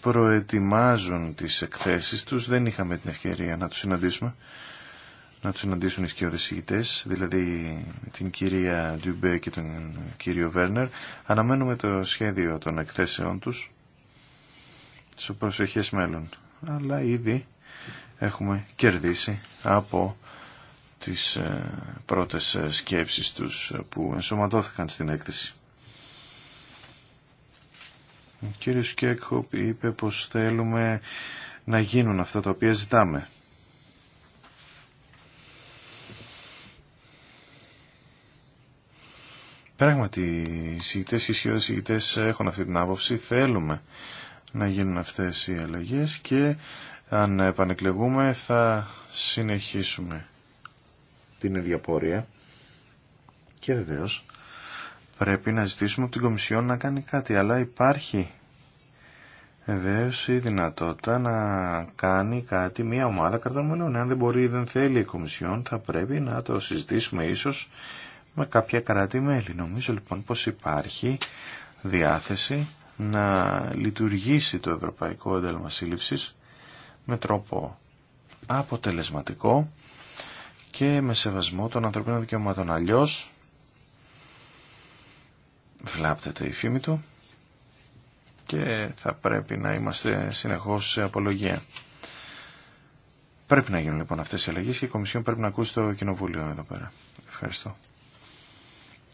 Speaker 3: προετοιμάζουν τις εκθέσεις τους. Δεν είχαμε την ευκαιρία να τους συναντήσουμε. Να τους συναντήσουν οι σκιοδεσηγητές, δηλαδή την κυρία Ντιουμπέ και τον κύριο Βέρνερ. Αναμένουμε το σχέδιο των εκθέσεών τους σε προσεχές μέλλον. Αλλά ήδη έχουμε κερδίσει από τις ε, πρώτες ε, σκέψεις τους ε, που ενσωματώθηκαν στην έκθεση. Ο κύριος Κέκχοπ είπε πως θέλουμε να γίνουν αυτά τα οποία ζητάμε. Πράγματι, οι συγητές και οι έχουν αυτή την άποψη. Θέλουμε να γίνουν αυτές οι αλλαγές και αν επανεκλεγούμε θα συνεχίσουμε την ίδια πορεία και βεβαίως πρέπει να ζητήσουμε από την Κομισιόν να κάνει κάτι αλλά υπάρχει Βεβαίω η δυνατότητα να κάνει κάτι μια ομάδα κρατών Αν δεν μπορεί ή δεν θέλει η Κομισιόν θα πρέπει να το συζητήσουμε ίσως με κάποια κράτη-μέλη. Νομίζω λοιπόν πως υπάρχει διάθεση να λειτουργήσει το Ευρωπαϊκό Ένταλμα Σύλληψης με τρόπο αποτελεσματικό και με σεβασμό των ανθρωπίνων δικαιωμάτων. Αλλιώς βλάπτεται η φήμη του και θα πρέπει να είμαστε συνεχώς σε απολογία. Πρέπει να γίνουν λοιπόν αυτές οι αλλαγές και η Κομισιόν πρέπει να ακούσει το Κοινοβούλιο εδώ πέρα. Ευχαριστώ.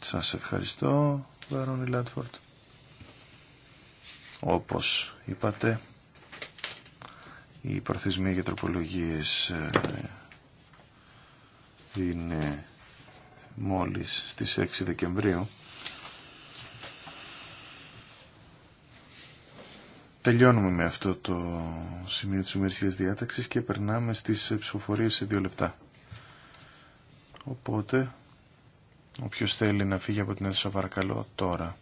Speaker 3: Σας ευχαριστώ, Βαρόνι Λάτφορτ όπως είπατε οι προθεσμοί για τροπολογίες ε, είναι μόλις στις 6 Δεκεμβρίου. Τελειώνουμε με αυτό το σημείο της ημερησίας διάταξης και περνάμε στις ψηφοφορίες σε δύο λεπτά. Οπότε, όποιος θέλει να φύγει από την αίθουσα παρακαλώ τώρα.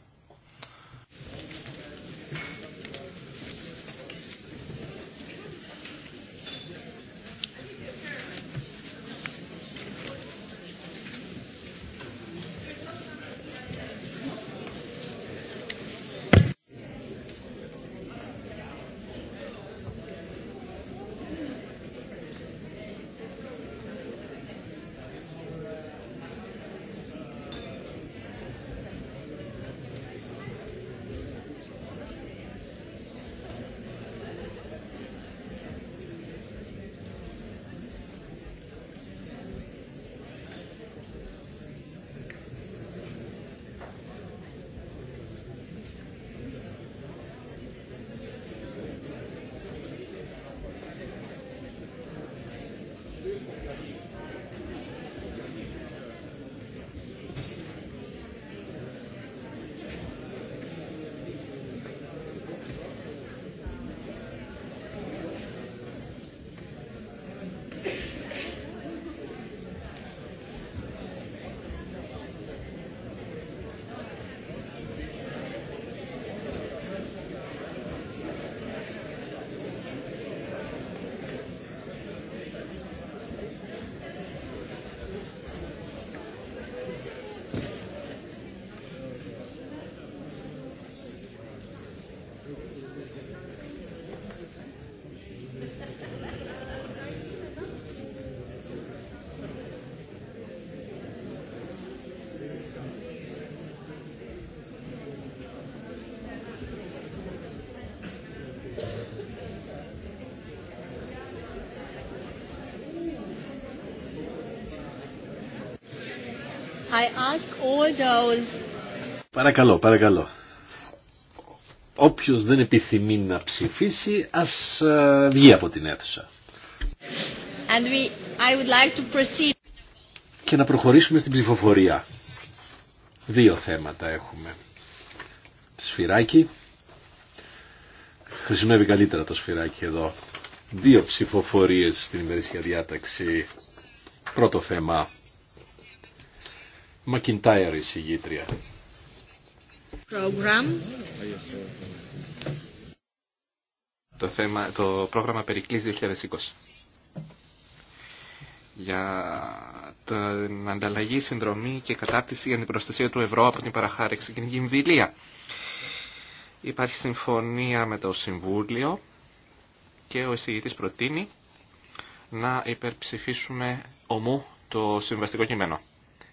Speaker 2: Παρακαλώ, παρακαλώ. Όποιος δεν επιθυμεί να ψηφίσει, ας ε, βγει από την αίθουσα. Και να προχωρήσουμε στην ψηφοφορία. Δύο θέματα έχουμε. Σφυράκι. Χρησιμεύει καλύτερα το σφυράκι εδώ. Δύο ψηφοφορίες στην ημερήσια διάταξη. Πρώτο θέμα το,
Speaker 4: θέμα, το πρόγραμμα Περικλής 2020 για την ανταλλαγή, συνδρομή και κατάρτιση για την προστασία του ευρώ από την παραχάρεξη και την κινδυλία. Υπάρχει συμφωνία με το Συμβούλιο και ο εισηγητής προτείνει να υπερψηφίσουμε ομού το συμβαστικό κείμενο.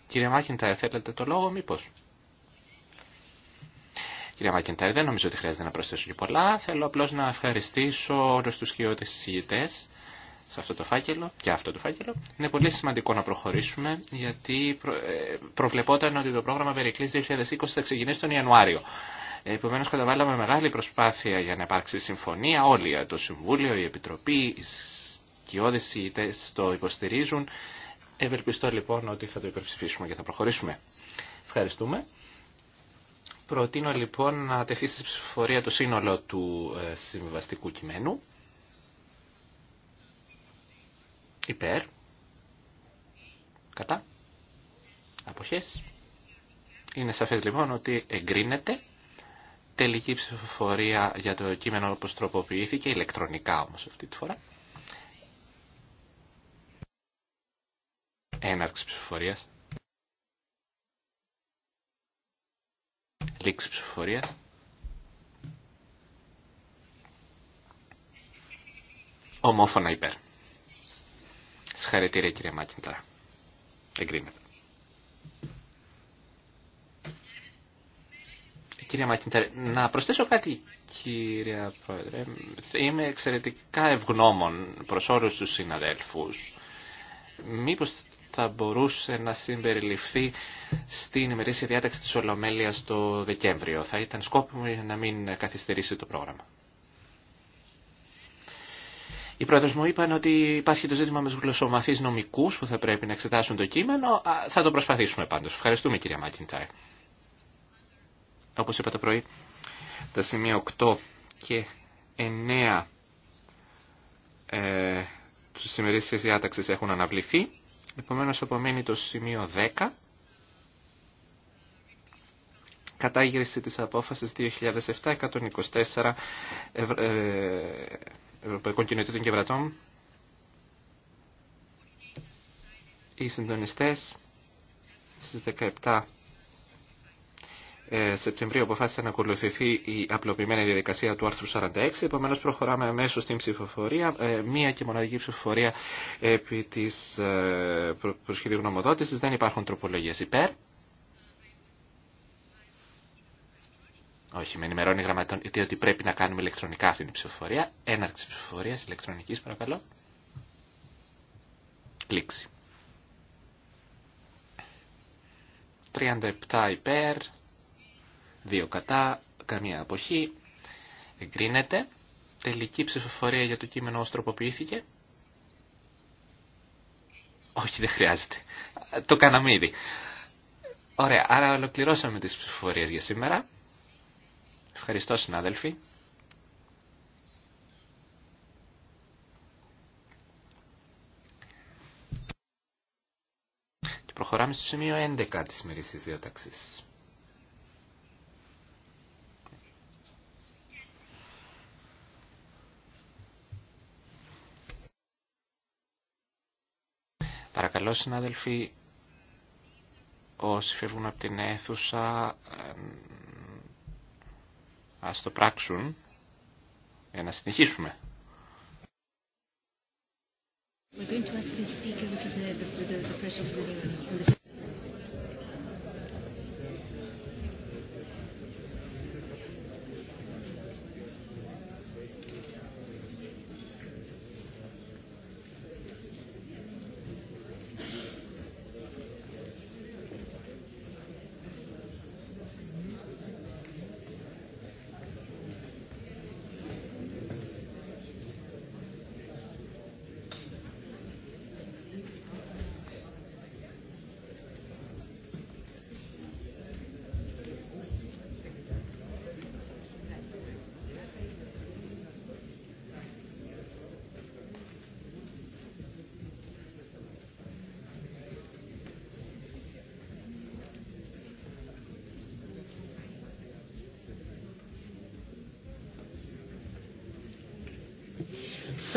Speaker 4: Κύριε Μάκιντάρ, θέλετε το λόγο μήπω. Κύριε Μάκιντάρ, δεν νομίζω ότι χρειάζεται να προσθέσω και πολλά. Θέλω απλώ να ευχαριστήσω όλου του χειώτε συζητητέ σε αυτό το φάκελο και αυτό το φάκελο. Είναι πολύ σημαντικό να προχωρήσουμε, γιατί ε, προβλεπόταν ότι το πρόγραμμα Περικλή 2020 θα ξεκινήσει τον Ιανουάριο. Ε, Επομένω, καταβάλαμε μεγάλη προσπάθεια για να υπάρξει συμφωνία. Όλοι, το Συμβούλιο, η Επιτροπή, οι σκιώδει το υποστηρίζουν. Ευελπιστώ λοιπόν ότι θα το υπερψηφίσουμε και θα προχωρήσουμε. Ευχαριστούμε. Προτείνω λοιπόν να τεθεί στη ψηφοφορία το σύνολο του ε, συμβιβαστικού κειμένου. Υπέρ. Κατά. Αποχές. Είναι σαφές λοιπόν ότι εγκρίνεται. Τελική ψηφοφορία για το κείμενο όπως τροποποιήθηκε, ηλεκτρονικά όμως αυτή τη φορά. Έναρξη ψηφοφορία. Λήξη ψηφοφορία. Ομόφωνα υπέρ. Συγχαρητήρια κύριε Μάκιντρα. Εγκρίνεται. Κύριε Μακίντερ, να προσθέσω κάτι, κύριε Πρόεδρε. Είμαι εξαιρετικά ευγνώμων προς όλους τους συναδέλφους. Μήπως θα μπορούσε να συμπεριληφθεί στην ημερήσια διάταξη της Ολομέλειας το Δεκέμβριο. Θα ήταν σκόπιμο να μην καθυστερήσει το πρόγραμμα. Οι πρόεδρος μου είπαν ότι υπάρχει το ζήτημα με τους γλωσσομαθείς νομικούς που θα πρέπει να εξετάσουν το κείμενο. Θα το προσπαθήσουμε πάντως. Ευχαριστούμε κυρία Μάκιντάι. Όπως είπα το πρωί, τα σημεία 8 και 9 ε, τους διάταξης έχουν αναβληθεί. Επομένως απομένει το σημείο 10. Κατάγερση της απόφασης 2007-124 ε, Ευρωπαϊκών Κοινοτήτων και Βρατών. Οι συντονιστές στις 17 ε, Σεπτεμβρίου αποφάσισε να ακολουθηθεί η απλοποιημένη διαδικασία του άρθρου 46. Επομένω, προχωράμε αμέσω στην ψηφοφορία. Ε, μία και μοναδική ψηφοφορία επί τη ε, προσχεδίου γνωμοδότηση. Δεν υπάρχουν τροπολογίε υπέρ. Όχι, με ενημερώνει η γραμματεία ότι πρέπει να κάνουμε ηλεκτρονικά αυτή την ψηφοφορία. Έναρξη ψηφοφορία ηλεκτρονική, παρακαλώ. Κλήξη. 37 υπέρ, Δύο κατά, καμία αποχή. Εγκρίνεται. Τελική ψηφοφορία για το κείμενο ως τροποποιήθηκε. Όχι, δεν χρειάζεται. Το κάναμε ήδη. Ωραία, άρα ολοκληρώσαμε τις ψηφοφορίες για σήμερα. Ευχαριστώ συνάδελφοι. Και προχωράμε στο σημείο 11 της μερικής διάταξης. Παρακαλώ συνάδελφοι, όσοι φεύγουν από την αίθουσα, ας το πράξουν για να συνεχίσουμε.
Speaker 1: We're going to ask the speaker, which is the, the, the, the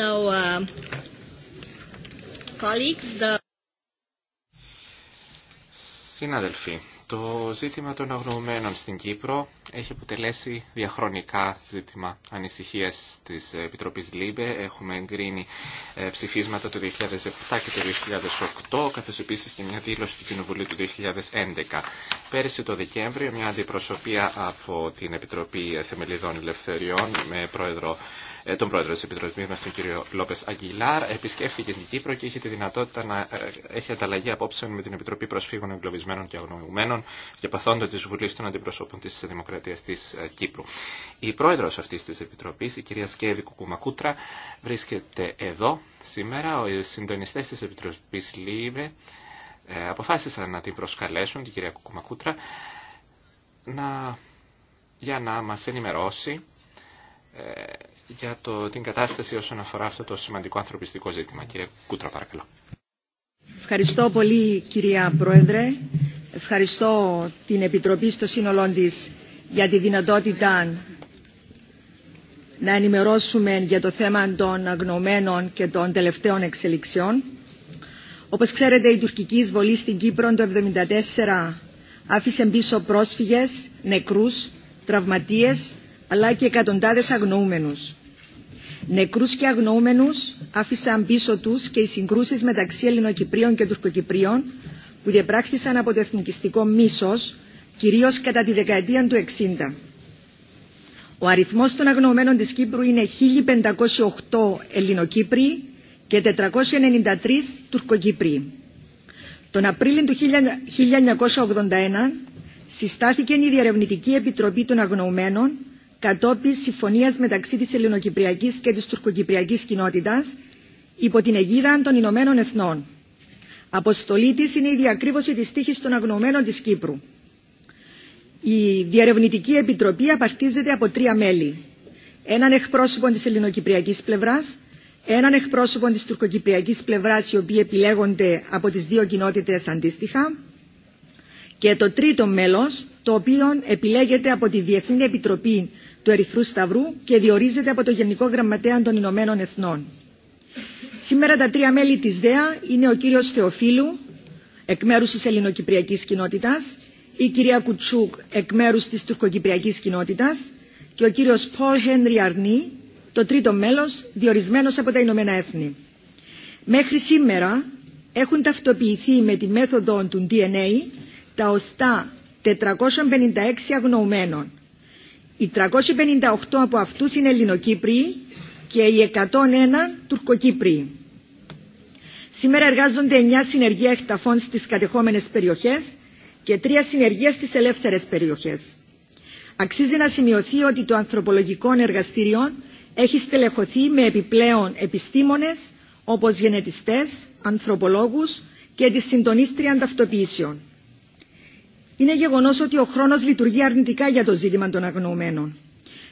Speaker 4: Uh, Συναδελφοί, το ζήτημα των αγνοωμένων στην Κύπρο έχει αποτελέσει διαχρονικά ζήτημα ανησυχίας της Επιτροπής ΛΥΜΠΕ. Έχουμε εγκρίνει ε, ψηφίσματα το 2007 και το 2008, καθώς επίσης και μια δήλωση του Κοινοβουλίου του 2011. Πέρυσι το Δεκέμβριο μια αντιπροσωπεία από την Επιτροπή Θεμελιδών Ελευθεριών με πρόεδρο, ε, τον πρόεδρο της Επιτροπής μας, τον κύριο Λόπες Αγγιλάρ, επισκέφθηκε την Κύπρο και είχε τη δυνατότητα να ε, έχει ανταλλαγή απόψεων με την Επιτροπή Προσφύγων Εγκλωβισμένων και Αγνοημένων και παθόντων της Βουλής των Αντιπροσώπων της Δημοκρατίας της ε, Κύπρου. Η πρόεδρος αυτής της Επιτροπής, η κυρία Σκέβη Κουκουμακούτρα, βρίσκεται εδώ σήμερα. Οι συντονιστές της Επιτροπής Λίβε ε, αποφάσισαν να την προσκαλέσουν, την κυρία Κουκουμακούτρα, να, για να μας ενημερώσει ε, για το, την κατάσταση όσον αφορά αυτό το σημαντικό ανθρωπιστικό ζήτημα. Κυρία Κούτρα, παρακαλώ.
Speaker 1: Ευχαριστώ πολύ, κυρία Πρόεδρε. Ευχαριστώ την Επιτροπή στο σύνολό τη για τη δυνατότητα να ενημερώσουμε για το θέμα των αγνωμένων και των τελευταίων εξελιξιών. Όπως ξέρετε η τουρκική εισβολή στην Κύπρο το 1974 άφησε πίσω πρόσφυγες, νεκρούς, τραυματίες αλλά και εκατοντάδες αγνοούμενους. Νεκρούς και αγνοούμενους άφησαν πίσω τους και οι συγκρούσεις μεταξύ Ελληνοκυπρίων και Τουρκοκυπρίων που διαπράχθησαν από το εθνικιστικό μίσος κυρίως κατά τη δεκαετία του 60. Ο αριθμός των αγνοωμένων της Κύπρου είναι 1508 Ελληνοκύπριοι και 493 Τουρκοκύπριοι. Τον Απρίλιο του 1981 συστάθηκε η διαρευνητική Επιτροπή των Αγνοωμένων κατόπιν συμφωνίας μεταξύ της ελληνοκυπριακής και της τουρκοκυπριακής κοινότητας υπό την αιγίδα των Ηνωμένων Εθνών. Αποστολή της είναι η διακρύβωση της τύχης των αγνοωμένων της Κύπρου. Η διαρευνητικη Επιτροπή απαρτίζεται από τρία μέλη. Έναν εκπρόσωπο της ελληνοκυπριακής πλευράς, έναν εκπρόσωπο της τουρκοκυπριακής πλευράς οι οποίοι επιλέγονται από τις δύο κοινότητες αντίστοιχα και το τρίτο μέλος το οποίο επιλέγεται από τη Διεθνή Επιτροπή του Ερυθρού Σταυρού και διορίζεται από το Γενικό Γραμματέα των Ηνωμένων Εθνών. Σήμερα τα τρία μέλη της ΔΕΑ είναι ο κύριος Θεοφίλου, εκ μέρου της ελληνοκυπριακής κοινότητας, η κυρία Κουτσούκ, εκ μέρου της τουρκοκυπριακής κοινότητας και ο κύριος Πολ Χένρι Αρνή, το τρίτο μέλος διορισμένος από τα Ηνωμένα Έθνη. Μέχρι σήμερα έχουν ταυτοποιηθεί με τη μέθοδο του DNA τα οστά 456 αγνοωμένων. Οι 358 από αυτούς είναι Ελληνοκύπριοι και οι 101 Τουρκοκύπριοι. Σήμερα εργάζονται 9 συνεργεία εκταφών στις κατεχόμενες περιοχές και 3 συνεργεία στις ελεύθερες περιοχές. Αξίζει να σημειωθεί ότι το ανθρωπολογικό εργαστήριο έχει στελεχωθεί με επιπλέον επιστήμονες όπως γενετιστές, ανθρωπολόγους και τη συντονίστρια ταυτοποιήσεων. Είναι γεγονός ότι ο χρόνος λειτουργεί αρνητικά για το ζήτημα των αγνοωμένων.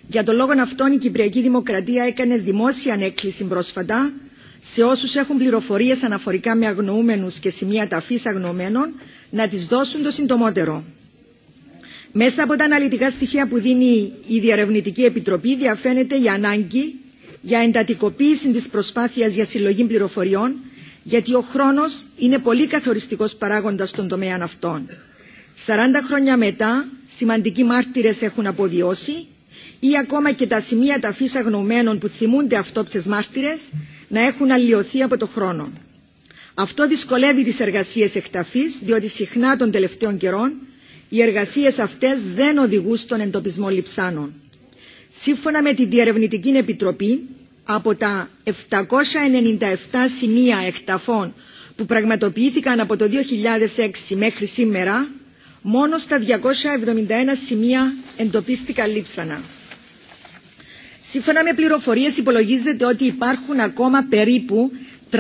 Speaker 1: Για τον λόγο αυτόν η Κυπριακή Δημοκρατία έκανε δημόσια ανέκκληση πρόσφατα σε όσους έχουν πληροφορίες αναφορικά με αγνοούμενους και σημεία ταφής αγνοωμένων να τις δώσουν το συντομότερο. Μέσα από τα αναλυτικά στοιχεία που δίνει η Διαρευνητική Επιτροπή διαφαίνεται η ανάγκη για εντατικοποίηση της προσπάθειας για συλλογή πληροφοριών γιατί ο χρόνος είναι πολύ καθοριστικός παράγοντας των τομέων αυτών. Σαράντα χρόνια μετά σημαντικοί μάρτυρες έχουν αποβιώσει ή ακόμα και τα σημεία ταφής αγνωμένων που θυμούνται αυτόπτες μάρτυρες να έχουν αλλοιωθεί από το χρόνο. Αυτό δυσκολεύει τις εργασίες εκταφής διότι συχνά των τελευταίων καιρών οι εργασίες αυτές δεν οδηγούν στον εντοπισμό λιψάνων. Σύμφωνα με τη Διερευνητική Επιτροπή, από τα 797 σημεία εκταφών που πραγματοποιήθηκαν από το 2006 μέχρι σήμερα, μόνο στα 271 σημεία εντοπίστηκαν λείψανα. Σύμφωνα με πληροφορίες υπολογίζεται ότι υπάρχουν ακόμα περίπου 300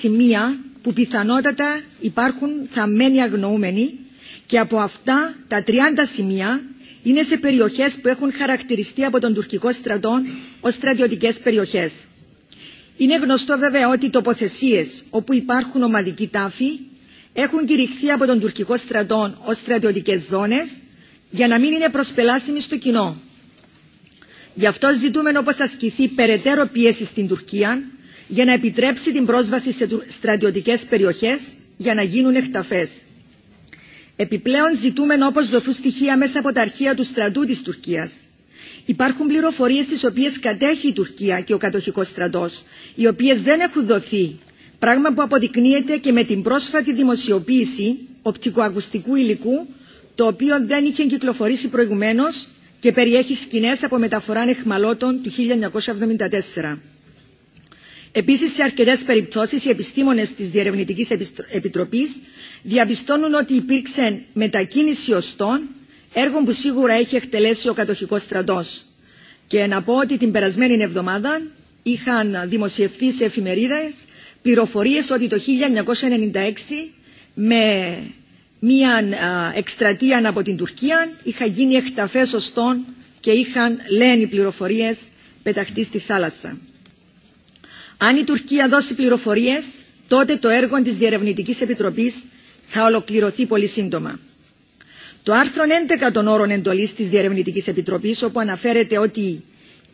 Speaker 1: σημεία που πιθανότατα υπάρχουν θαμμένοι αγνοούμενοι και από αυτά τα 30 σημεία είναι σε περιοχές που έχουν χαρακτηριστεί από τον τουρκικό στρατό ως στρατιωτικές περιοχές. Είναι γνωστό βέβαια ότι οι τοποθεσίες όπου υπάρχουν ομαδικοί τάφοι έχουν κηρυχθεί από τον τουρκικό στρατό ως στρατιωτικές ζώνες για να μην είναι προσπελάσιμοι στο κοινό. Γι' αυτό ζητούμε όπως ασκηθεί περαιτέρω πίεση στην Τουρκία για να επιτρέψει την πρόσβαση σε στρατιωτικές περιοχές για να γίνουν εκταφές. Επιπλέον ζητούμε όπως δοθούν στοιχεία μέσα από τα αρχεία του στρατού της Τουρκίας. Υπάρχουν πληροφορίες τις οποίες κατέχει η Τουρκία και ο κατοχικός στρατός, οι οποίες δεν έχουν δοθεί, πράγμα που αποδεικνύεται και με την πρόσφατη δημοσιοποίηση οπτικοακουστικού υλικού, το οποίο δεν είχε κυκλοφορήσει προηγουμένως και περιέχει σκηνές από μεταφορά εχμαλώτων του 1974. Επίσης, σε αρκετές περιπτώσεις, οι επιστήμονες της Διερευνητικής Επιτροπής διαπιστώνουν ότι υπήρξε μετακίνηση οστών, έργων που σίγουρα έχει εκτελέσει ο κατοχικός στρατός. Και να πω ότι την περασμένη εβδομάδα είχαν δημοσιευθεί σε εφημερίδες πληροφορίες ότι το 1996 με μια εκστρατεία από την Τουρκία είχα γίνει εκταφές οστών και είχαν, λένε οι πληροφορίες, πεταχτεί στη θάλασσα. Αν η Τουρκία δώσει πληροφορίες, τότε το έργο της Διερευνητικής Επιτροπής θα ολοκληρωθεί πολύ σύντομα. Το άρθρο 11 των όρων εντολής της Διερευνητικής Επιτροπής, όπου αναφέρεται ότι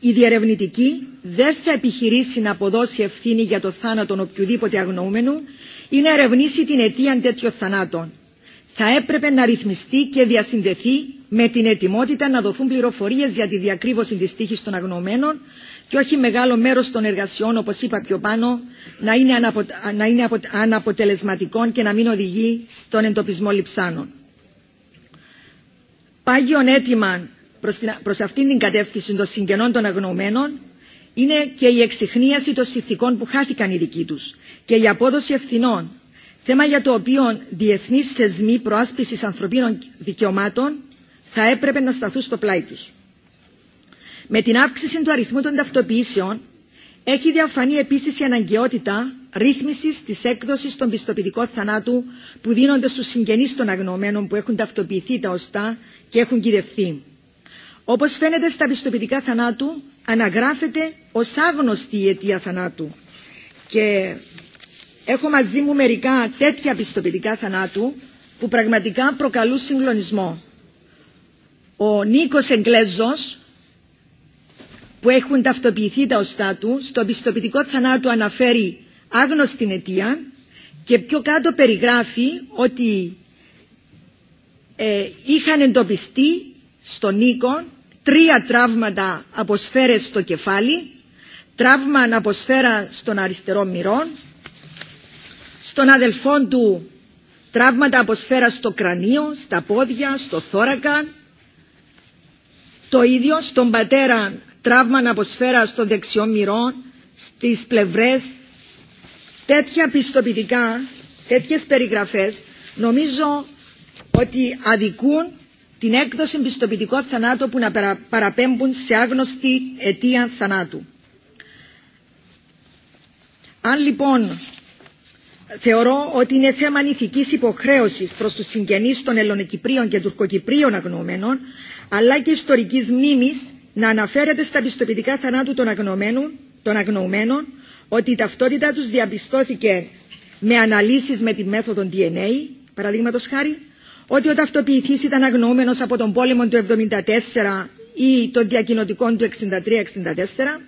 Speaker 1: η διερευνητική δεν θα επιχειρήσει να αποδώσει ευθύνη για το θάνατο οποιοδήποτε αγνοούμενου ή να ερευνήσει την αιτία τέτοιων θανάτων. Θα έπρεπε να ρυθμιστεί και διασυνδεθεί με την ετοιμότητα να δοθούν πληροφορίες για τη διακρύβωση της τύχης των αγνοωμένων και όχι μεγάλο μέρος των εργασιών, όπως είπα πιο πάνω, να είναι, αναπο... αναποτελεσματικών και να μην οδηγεί στον εντοπισμό λιψάνων. Πάγιον αίτημα προς, αυτήν την κατεύθυνση των συγγενών των αγνοωμένων είναι και η εξυχνίαση των συνθηκών που χάθηκαν οι δικοί τους και η απόδοση ευθυνών, θέμα για το οποίο διεθνείς θεσμοί προάσπισης ανθρωπίνων δικαιωμάτων θα έπρεπε να σταθούν στο πλάι τους. Με την αύξηση του αριθμού των ταυτοποιήσεων έχει διαφανεί επίση η αναγκαιότητα ρύθμιση τη έκδοση των πιστοποιητικών θανάτου που δίνονται στου συγγενείς των αγνωμένων που έχουν ταυτοποιηθεί τα οστά και έχουν κυδευθεί. Όπω φαίνεται στα πιστοποιητικά θανάτου, αναγράφεται ω άγνωστη η αιτία θανάτου. Και έχω μαζί μου μερικά τέτοια πιστοποιητικά θανάτου που πραγματικά προκαλούν συγκλονισμό. Ο Νίκος Εγκλέζος, που έχουν ταυτοποιηθεί τα οστά του, στο πιστοποιητικό θανάτου αναφέρει άγνωστη αιτία και πιο κάτω περιγράφει ότι ε, είχαν εντοπιστεί στον Νίκο τρία τραύματα από σφαίρες στο κεφάλι, τραύμα από σφαίρα στον αριστερό μυρό, στον αδελφό του τραύματα από σφαίρα στο κρανίο, στα πόδια, στο θώρακα, το ίδιο στον πατέρα τραύμα σφαίρα στο δεξιό μυρών στις πλευρές. Τέτοια πιστοποιητικά, τέτοιες περιγραφές νομίζω ότι αδικούν την έκδοση πιστοποιητικών θανάτων που να παραπέμπουν σε άγνωστη αιτία θανάτου. Αν λοιπόν θεωρώ ότι είναι θέμα ηθικής υποχρέωσης προς τους συγγενείς των ελλονοκυπρίων και Τουρκοκυπρίων αγνοωμένων, αλλά και ιστορικής μνήμης να αναφέρεται στα πιστοποιητικά θανάτου των αγνοωμένων, των ότι η ταυτότητα τους διαπιστώθηκε με αναλύσεις με τη μέθοδο DNA, παραδείγματο χάρη, ότι ο ταυτοποιητής ήταν αγνοούμενος από τον πόλεμο του 1974 ή των διακοινωτικών του 1963-1964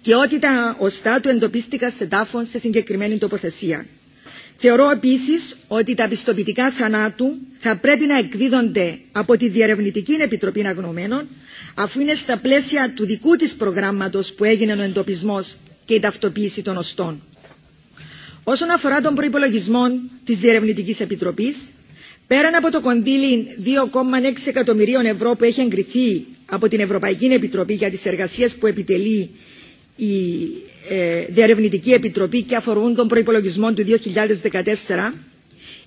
Speaker 1: και ότι τα οστά του εντοπίστηκαν σε τάφον σε συγκεκριμένη τοποθεσία. Θεωρώ επίση ότι τα πιστοποιητικά θανάτου θα πρέπει να εκδίδονται από τη Διερευνητική Επιτροπή Αγνωμένων, αφού είναι στα πλαίσια του δικού τη προγράμματο που έγινε ο εντοπισμό και η ταυτοποίηση των οστών. Όσον αφορά τον προπολογισμό τη Διερευνητική Επιτροπή, πέραν από το κονδύλι 2,6 εκατομμυρίων ευρώ που έχει εγκριθεί από την Ευρωπαϊκή Επιτροπή για τι εργασίε που επιτελεί η ε, διαρευνητική Επιτροπή και αφορούν τον προπολογισμό του 2014,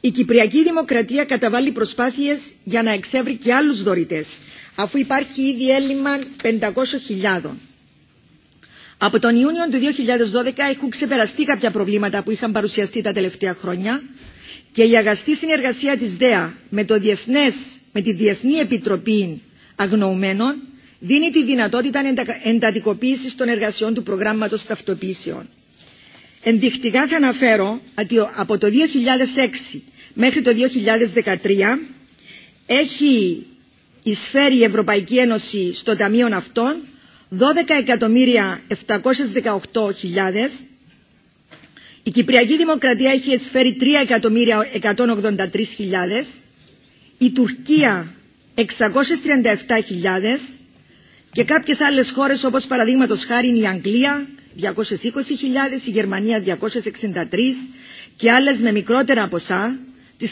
Speaker 1: η Κυπριακή Δημοκρατία καταβάλει προσπάθειες για να εξεύρει και άλλους δωρητές, αφού υπάρχει ήδη έλλειμμα 500.000. Από τον Ιούνιο του 2012 έχουν ξεπεραστεί κάποια προβλήματα που είχαν παρουσιαστεί τα τελευταία χρόνια και η αγαστή συνεργασία της ΔΕΑ με, το διεθνές, με τη Διεθνή Επιτροπή Αγνοουμένων δίνει τη δυνατότητα εντατικοποίηση των εργασιών του προγράμματο ταυτοποίησεων. Ενδεικτικά θα αναφέρω ότι από το 2006 μέχρι το 2013 έχει εισφέρει η Ευρωπαϊκή Ένωση στο ταμείο αυτών 12.718.000 η Κυπριακή Δημοκρατία έχει εισφέρει 3.183.000 η Τουρκία 637.000 και κάποιες άλλες χώρες όπως παραδείγματος χάρη η Αγγλία 220.000, η Γερμανία 263 και άλλες με μικρότερα ποσά τις,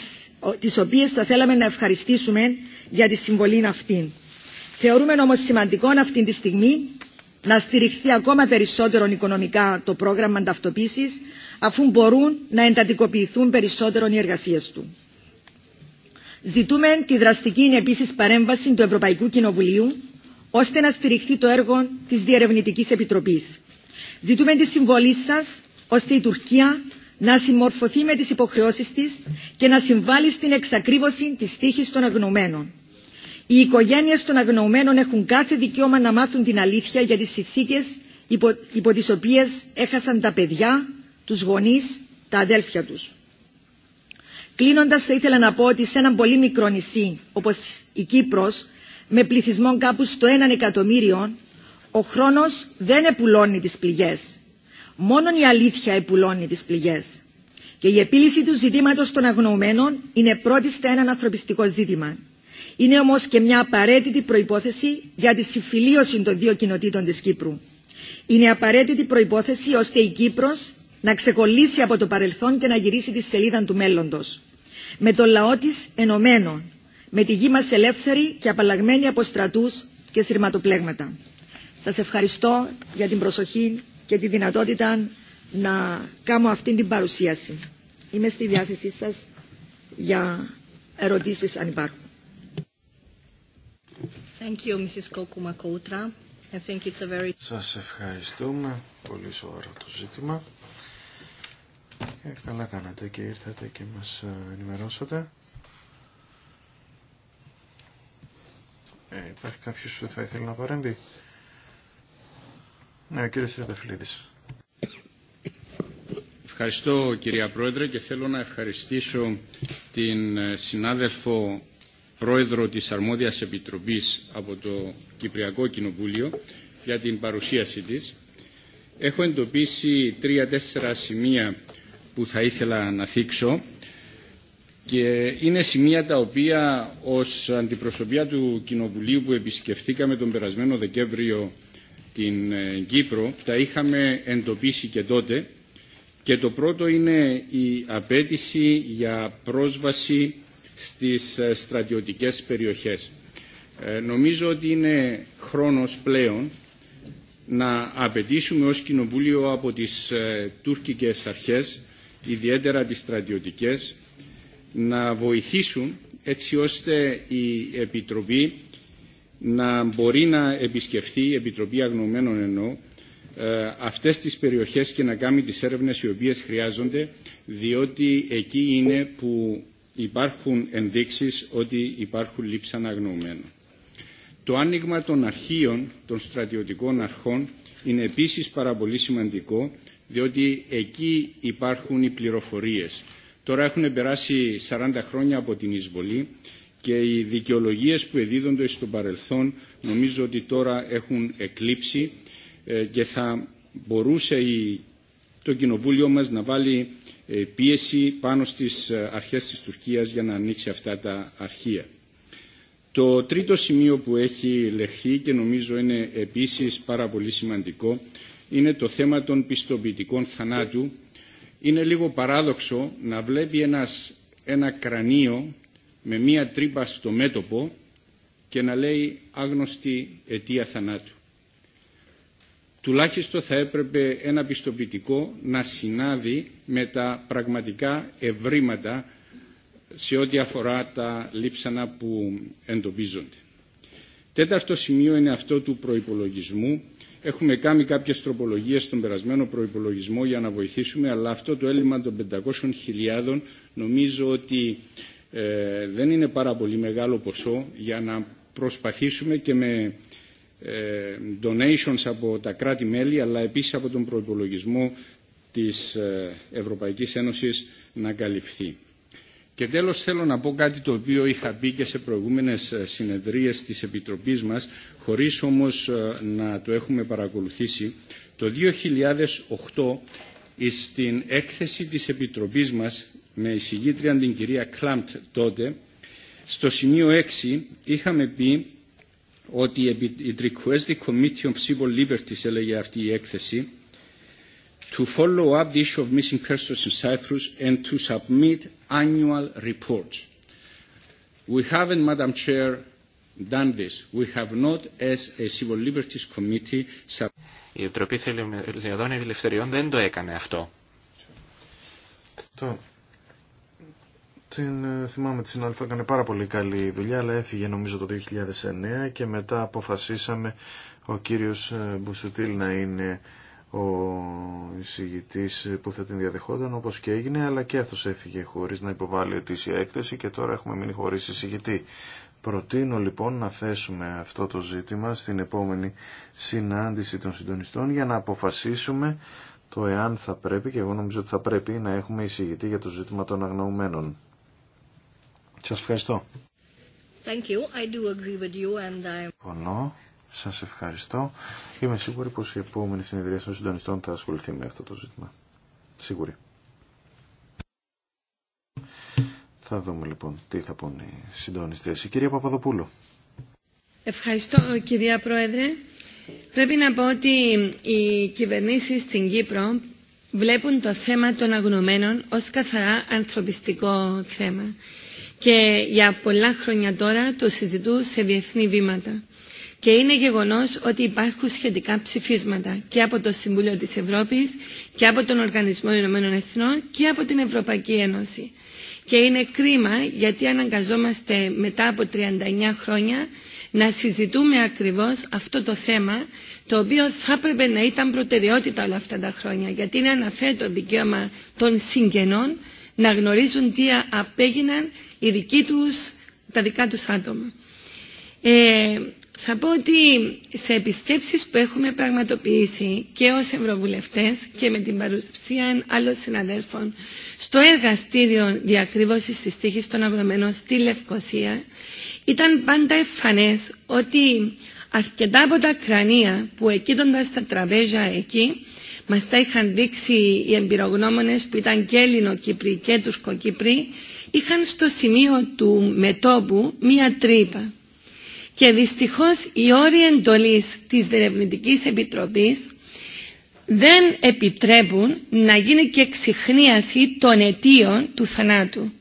Speaker 1: τις οποίες θα θέλαμε να ευχαριστήσουμε για τη συμβολή αυτή. Θεωρούμε όμως σημαντικό αυτή τη στιγμή να στηριχθεί ακόμα περισσότερο οικονομικά το πρόγραμμα ταυτοποίησης αφού μπορούν να εντατικοποιηθούν περισσότερο οι εργασίε του. Ζητούμε τη δραστική επίση παρέμβαση του Ευρωπαϊκού Κοινοβουλίου ώστε να στηριχθεί το έργο της Διερευνητικής Επιτροπής. Ζητούμε τη συμβολή σας ώστε η Τουρκία να συμμορφωθεί με τις υποχρεώσεις της και να συμβάλλει στην εξακρίβωση της τύχης των αγνωμένων. Οι οικογένειες των αγνωμένων έχουν κάθε δικαίωμα να μάθουν την αλήθεια για τις συνθήκε υπό, υπό τις έχασαν τα παιδιά, τους γονείς, τα αδέλφια τους. Κλείνοντας θα ήθελα να πω ότι σε έναν πολύ μικρό νησί όπως η Κύπρος με πληθυσμό κάπου στο έναν εκατομμύριο, ο χρόνος δεν επουλώνει τις πληγές. Μόνον η αλήθεια επουλώνει τις πληγές. Και η επίλυση του ζητήματος των αγνοωμένων είναι πρώτη στα έναν ανθρωπιστικό ζήτημα. Είναι όμως και μια απαραίτητη προϋπόθεση για τη συμφιλίωση των δύο κοινοτήτων της Κύπρου. Είναι απαραίτητη προϋπόθεση ώστε η Κύπρος να ξεκολλήσει από το παρελθόν και να γυρίσει τη σελίδα του μέλλοντος. Με τον λαό της ενωμένο, με τη γη μας ελεύθερη και απαλλαγμένη από στρατούς και σειρματοπλέγματα. Σας ευχαριστώ για την προσοχή και τη δυνατότητα να κάνω αυτή την παρουσίαση. Είμαι στη διάθεσή σας για ερωτήσεις αν υπάρχουν. Thank
Speaker 3: Σας ευχαριστούμε. Πολύ σοβαρό το ζήτημα. Ε, καλά κάνατε και ήρθατε και μας ε, ενημερώσατε. Ε, υπάρχει κάποιο που θα ήθελε να παρέμβει. Ναι, ο
Speaker 5: Ευχαριστώ κυρία Πρόεδρε και θέλω να ευχαριστήσω την ε, συνάδελφο Πρόεδρο της Αρμόδιας Επιτροπής από το Κυπριακό Κοινοβούλιο για την παρουσίαση της. Έχω εντοπίσει τρία-τέσσερα σημεία που θα ήθελα να θίξω και είναι σημεία τα οποία ως αντιπροσωπεία του Κοινοβουλίου που επισκεφθήκαμε τον περασμένο Δεκέμβριο την ε, Κύπρο τα είχαμε εντοπίσει και τότε και το πρώτο είναι η απέτηση για πρόσβαση στις ε, στρατιωτικές περιοχές. Ε, νομίζω ότι είναι χρόνος πλέον να απαιτήσουμε ως Κοινοβούλιο από τις ε, τουρκικές αρχές, ιδιαίτερα τις στρατιωτικές, να βοηθήσουν έτσι ώστε η Επιτροπή να μπορεί να επισκεφθεί, η Επιτροπή Αγνωμένων εννοώ, ε, αυτές τις περιοχές και να κάνει τις έρευνες οι οποίες χρειάζονται διότι εκεί είναι που υπάρχουν ενδείξεις ότι υπάρχουν λήψη αναγνωμένων. Το άνοιγμα των αρχείων των στρατιωτικών αρχών είναι επίσης πάρα πολύ σημαντικό διότι εκεί υπάρχουν οι πληροφορίες Τώρα έχουν περάσει 40 χρόνια από την εισβολή και οι δικαιολογίες που εδίδονται στο παρελθόν νομίζω ότι τώρα έχουν εκλείψει ε, και θα μπορούσε το Κοινοβούλιο μας να βάλει ε, πίεση πάνω στις ε, αρχές της Τουρκίας για να ανοίξει αυτά τα αρχεία. Το τρίτο σημείο που έχει λεχθεί και νομίζω είναι επίσης πάρα πολύ σημαντικό είναι το θέμα των πιστοποιητικών θανάτου είναι λίγο παράδοξο να βλέπει ένας ένα κρανίο με μία τρύπα στο μέτωπο και να λέει άγνωστη αιτία θανάτου. Τουλάχιστον θα έπρεπε ένα πιστοποιητικό να συνάδει με τα πραγματικά ευρήματα σε ό,τι αφορά τα λείψανα που εντοπίζονται. Τέταρτο σημείο είναι αυτό του προϋπολογισμού Έχουμε κάνει κάποιες τροπολογίες στον περασμένο προϋπολογισμό για να βοηθήσουμε, αλλά αυτό το έλλειμμα των 500.000 νομίζω ότι ε, δεν είναι πάρα πολύ μεγάλο ποσό για να προσπαθήσουμε και με ε, donations από τα κράτη-μέλη, αλλά επίσης από τον προϋπολογισμό της ε, Ευρωπαϊκής Ένωσης να καλυφθεί. Και τέλος θέλω να πω κάτι το οποίο είχα πει και σε προηγούμενες ε, συνεδρίες της Επιτροπής μας, χωρίς όμως ε, να το έχουμε παρακολουθήσει. Το 2008 ε, στην έκθεση της Επιτροπής μας με εισηγήτρια την κυρία Κλάμπτ τότε, στο σημείο 6 είχαμε πει ότι η Request the Committee on Civil Liberties έλεγε αυτή η έκθεση to follow up the issue of missing persons in Cyprus and to submit annual reports. We haven't, Madam Chair, done this. We have not, as a Civil Liberties Committee, η Επιτροπή Θελειοδών Ελευθεριών δεν το έκανε
Speaker 4: αυτό.
Speaker 3: Το, την, ε, θυμάμαι τη συνάδελφα έκανε πάρα πολύ καλή δουλειά, αλλά έφυγε νομίζω το 2009 και μετά αποφασίσαμε ο κύριος ε, Μπουσουτήλ να είναι ο εισηγητής που θα την διαδεχόταν όπως και έγινε αλλά και αυτός έφυγε χωρίς να υποβάλει ετήσια έκθεση και τώρα έχουμε μείνει χωρίς εισηγητή. Προτείνω λοιπόν να θέσουμε αυτό το ζήτημα στην επόμενη συνάντηση των συντονιστών για να αποφασίσουμε το εάν θα πρέπει και εγώ νομίζω ότι θα πρέπει να έχουμε εισηγητή για το ζήτημα των αγνοωμένων. Σας ευχαριστώ.
Speaker 4: Thank you. I do agree with you and
Speaker 3: σας ευχαριστώ. Είμαι σίγουρη πως η επόμενη συνεδρία των συντονιστών θα ασχοληθεί με αυτό το ζήτημα. Σίγουρη. Θα δούμε λοιπόν τι θα πούν οι συντονιστές. Η κυρία Παπαδοπούλου.
Speaker 6: Ευχαριστώ κυρία Πρόεδρε. Πρέπει να πω ότι οι κυβερνήσει στην Κύπρο βλέπουν το θέμα των αγνωμένων ως καθαρά ανθρωπιστικό θέμα και για πολλά χρόνια τώρα το συζητούν σε διεθνή βήματα και είναι γεγονός ότι υπάρχουν σχετικά ψηφίσματα και από το Συμβούλιο της Ευρώπης και από τον Οργανισμό Ηνωμένων Εθνών και από την Ευρωπαϊκή Ένωση. Και είναι κρίμα γιατί αναγκαζόμαστε μετά από 39 χρόνια να συζητούμε ακριβώς αυτό το θέμα το οποίο θα έπρεπε να ήταν προτεραιότητα όλα αυτά τα χρόνια γιατί είναι αναφέρει το δικαίωμα των συγγενών να γνωρίζουν τι απέγιναν οι δικοί τους, τα δικά τους άτομα. Ε, θα πω ότι σε επισκέψεις που έχουμε πραγματοποιήσει και ως Ευρωβουλευτές και με την παρουσία άλλων συναδέλφων στο εργαστήριο διακρύβωσης της τύχης των αγρομένων στη Λευκοσία ήταν πάντα εφανές ότι αρκετά από τα κρανία που εκείτοντας τα τραπέζια εκεί μας τα είχαν δείξει οι εμπειρογνώμονες που ήταν και ελληνο και Τουρκοκύπροι είχαν στο σημείο του μετόπου μία τρύπα και δυστυχώς οι όροι εντολής της Δερευνητική Επιτροπής δεν επιτρέπουν να γίνει και ξυχνίαση των αιτίων του θανάτου.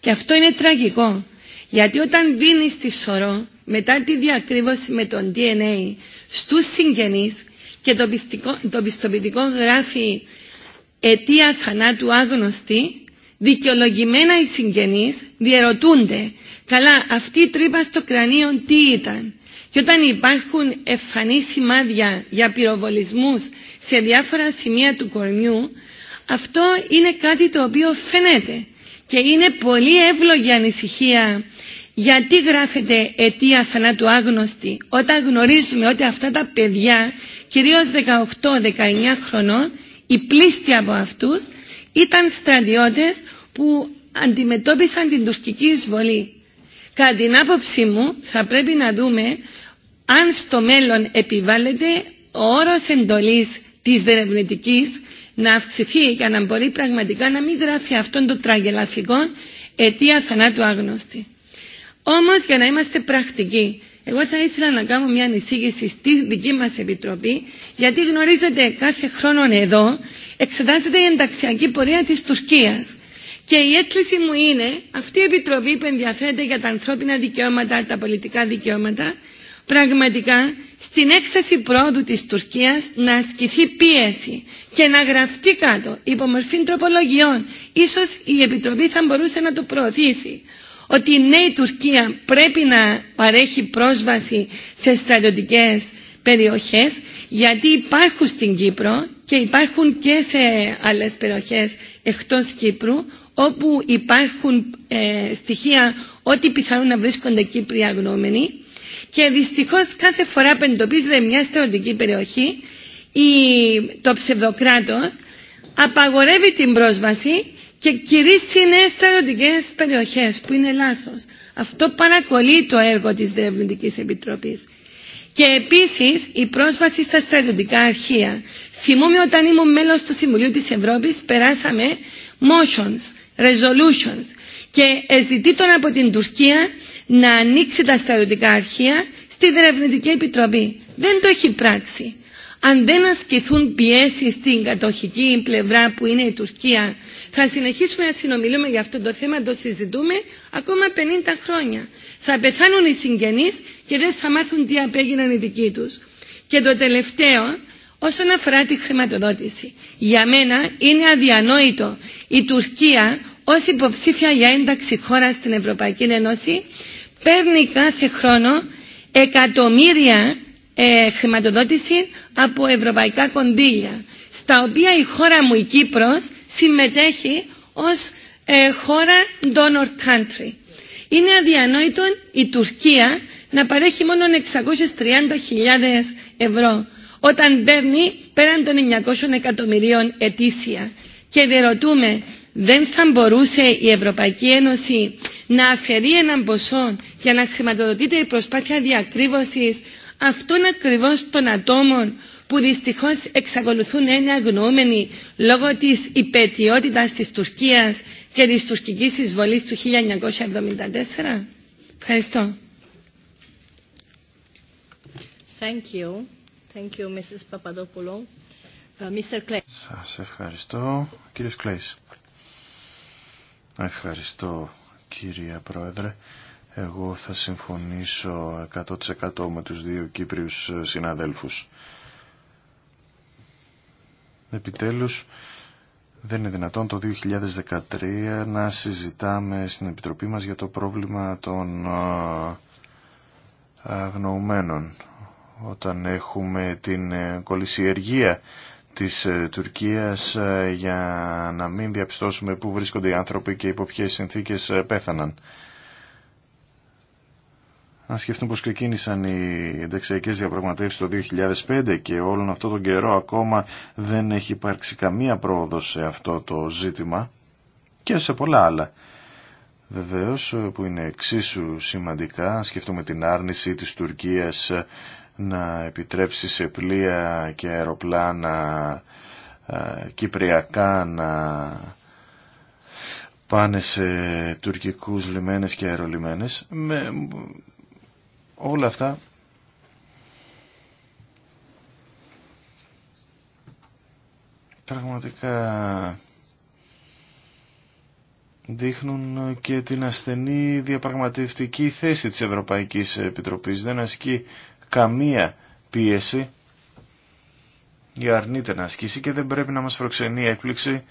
Speaker 6: Και αυτό είναι τραγικό, γιατί όταν δίνεις τη σωρό μετά τη διακρύβωση με τον DNA στους συγγενείς και το, πιστικό, το πιστοποιητικό γράφει αιτία θανάτου άγνωστη, Δικαιολογημένα οι συγγενείς διερωτούνται «Καλά, αυτή η τρύπα στο κρανίο τι ήταν» και όταν υπάρχουν ευφανείς σημάδια για πυροβολισμούς σε διάφορα σημεία του κορμιού, αυτό είναι κάτι το οποίο φαίνεται και είναι πολύ εύλογη ανησυχία γιατί γράφεται αιτία θανάτου άγνωστη όταν γνωρίζουμε ότι αυτά τα παιδιά, κυρίως 18-19 χρονών, οι πλήστοι από αυτούς ήταν στρατιώτες που αντιμετώπισαν την τουρκική εισβολή. Κατά την άποψή μου θα πρέπει να δούμε αν στο μέλλον επιβάλλεται ο όρος εντολής της δερευνητικής να αυξηθεί για να μπορεί πραγματικά να μην γράφει αυτόν τον τραγελαφικό αιτία θανάτου άγνωστη. Όμως για να είμαστε πρακτικοί, εγώ θα ήθελα να κάνω μια ανησύγηση στη δική μας Επιτροπή, γιατί γνωρίζετε κάθε χρόνο εδώ εξετάζεται η ενταξιακή πορεία της Τουρκίας. Και η έκκληση μου είναι αυτή η Επιτροπή που ενδιαφέρεται για τα ανθρώπινα δικαιώματα, τα πολιτικά δικαιώματα, πραγματικά στην έκθεση πρόοδου της Τουρκίας να ασκηθεί πίεση και να γραφτεί κάτω υπό μορφή τροπολογιών. Ίσως η Επιτροπή θα μπορούσε να το προωθήσει ότι η νέη Τουρκία πρέπει να παρέχει πρόσβαση σε στρατιωτικές περιοχές γιατί υπάρχουν στην Κύπρο και υπάρχουν και σε άλλες περιοχές εκτός Κύπρου όπου υπάρχουν ε, στοιχεία ότι πιθανόν να βρίσκονται Κύπροι αγνώμενοι και δυστυχώς κάθε φορά που εντοπίζεται μια στρατιωτική περιοχή η, το ψευδοκράτος απαγορεύει την πρόσβαση και κηρύσσει νέες στρατιωτικές περιοχές που είναι λάθος. Αυτό παρακολεί το έργο της Διευνητικής Επιτροπής. Και επίση η πρόσβαση στα στρατιωτικά αρχεία. Θυμούμαι όταν ήμουν μέλο του Συμβουλίου τη Ευρώπη, περάσαμε motions, resolutions και εζητήτων από την Τουρκία να ανοίξει τα στρατιωτικά αρχεία στη Δερευνητική Επιτροπή. Δεν το έχει πράξει. Αν δεν ασκηθούν πιέσει στην κατοχική πλευρά που είναι η Τουρκία, θα συνεχίσουμε να συνομιλούμε για αυτό το θέμα, το συζητούμε ακόμα 50 χρόνια. Θα πεθάνουν οι συγγενείς και δεν θα μάθουν τι απέγιναν οι δικοί τους. Και το τελευταίο, όσον αφορά τη χρηματοδότηση. Για μένα είναι αδιανόητο η Τουρκία ως υποψήφια για ένταξη χώρα στην Ευρωπαϊκή Ένωση παίρνει κάθε χρόνο εκατομμύρια ε, χρηματοδότηση από ευρωπαϊκά κονδύλια στα οποία η χώρα μου η Κύπρος συμμετέχει ως ε, χώρα donor country. Είναι αδιανόητο η Τουρκία να παρέχει μόνο 630.000 ευρώ όταν παίρνει πέραν των 900 εκατομμυρίων ετήσια. Και διερωτούμε, δεν θα μπορούσε η Ευρωπαϊκή Ένωση να αφαιρεί έναν ποσό για να χρηματοδοτείται η προσπάθεια διακρύβωσης αυτών ακριβώς των ατόμων που δυστυχώς εξακολουθούν να είναι αγνοούμενοι λόγω της υπετιότητας της Τουρκίας και τη τουρκικής εισβολής του 1974. Ευχαριστώ. Thank
Speaker 1: uh,
Speaker 3: Σας ευχαριστώ. Κύριος Κλέης. Ευχαριστώ, κύριε Πρόεδρε. Εγώ θα συμφωνήσω 100% με τους δύο Κύπριους συναδέλφους. Επιτέλους, δεν είναι δυνατόν το 2013 να συζητάμε στην Επιτροπή μας για το πρόβλημα των αγνοωμένων όταν έχουμε την ε, κολυσιεργία της ε, Τουρκίας ε, για να μην διαπιστώσουμε πού βρίσκονται οι άνθρωποι και υπό ποιες συνθήκες πέθαναν. Να σκεφτούμε πως ξεκίνησαν οι ενταξιακές διαπραγματεύσεις το 2005 και όλον αυτό τον καιρό ακόμα δεν έχει υπάρξει καμία πρόοδος σε αυτό το ζήτημα και σε πολλά άλλα. Βεβαίως που είναι εξίσου σημαντικά, σκεφτούμε την άρνηση της Τουρκίας να επιτρέψει σε πλοία και αεροπλάνα ε, κυπριακά να πάνε σε τουρκικούς λιμένες και αερολιμένες με όλα αυτά πραγματικά δείχνουν και την ασθενή διαπραγματευτική θέση της Ευρωπαϊκής Επιτροπής. Δεν ασκεί καμία πίεση για αρνείται να ασκήσει και δεν πρέπει να μας προξενεί έκπληξη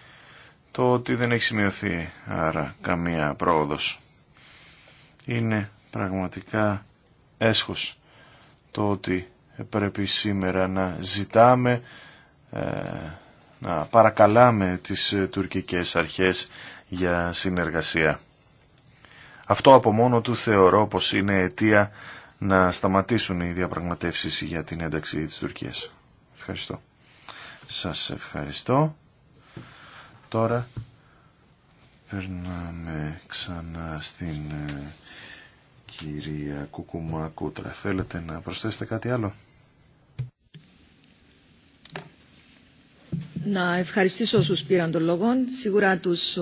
Speaker 3: το ότι δεν έχει σημειωθεί άρα καμία πρόοδος. Είναι πραγματικά έσχος το ότι πρέπει σήμερα να ζητάμε, ε, να παρακαλάμε τις ε, τουρκικές αρχές για συνεργασία. Αυτό από μόνο του θεωρώ πως είναι αιτία να σταματήσουν οι διαπραγματεύσεις για την ένταξη της Τουρκίας. Ευχαριστώ. Σας ευχαριστώ. Τώρα περνάμε ξανά στην ε, κυρία Κουκουμά Κούτρα. Θέλετε να προσθέσετε κάτι άλλο.
Speaker 1: Να ευχαριστήσω όσους πήραν τον λόγο. Σίγουρα τους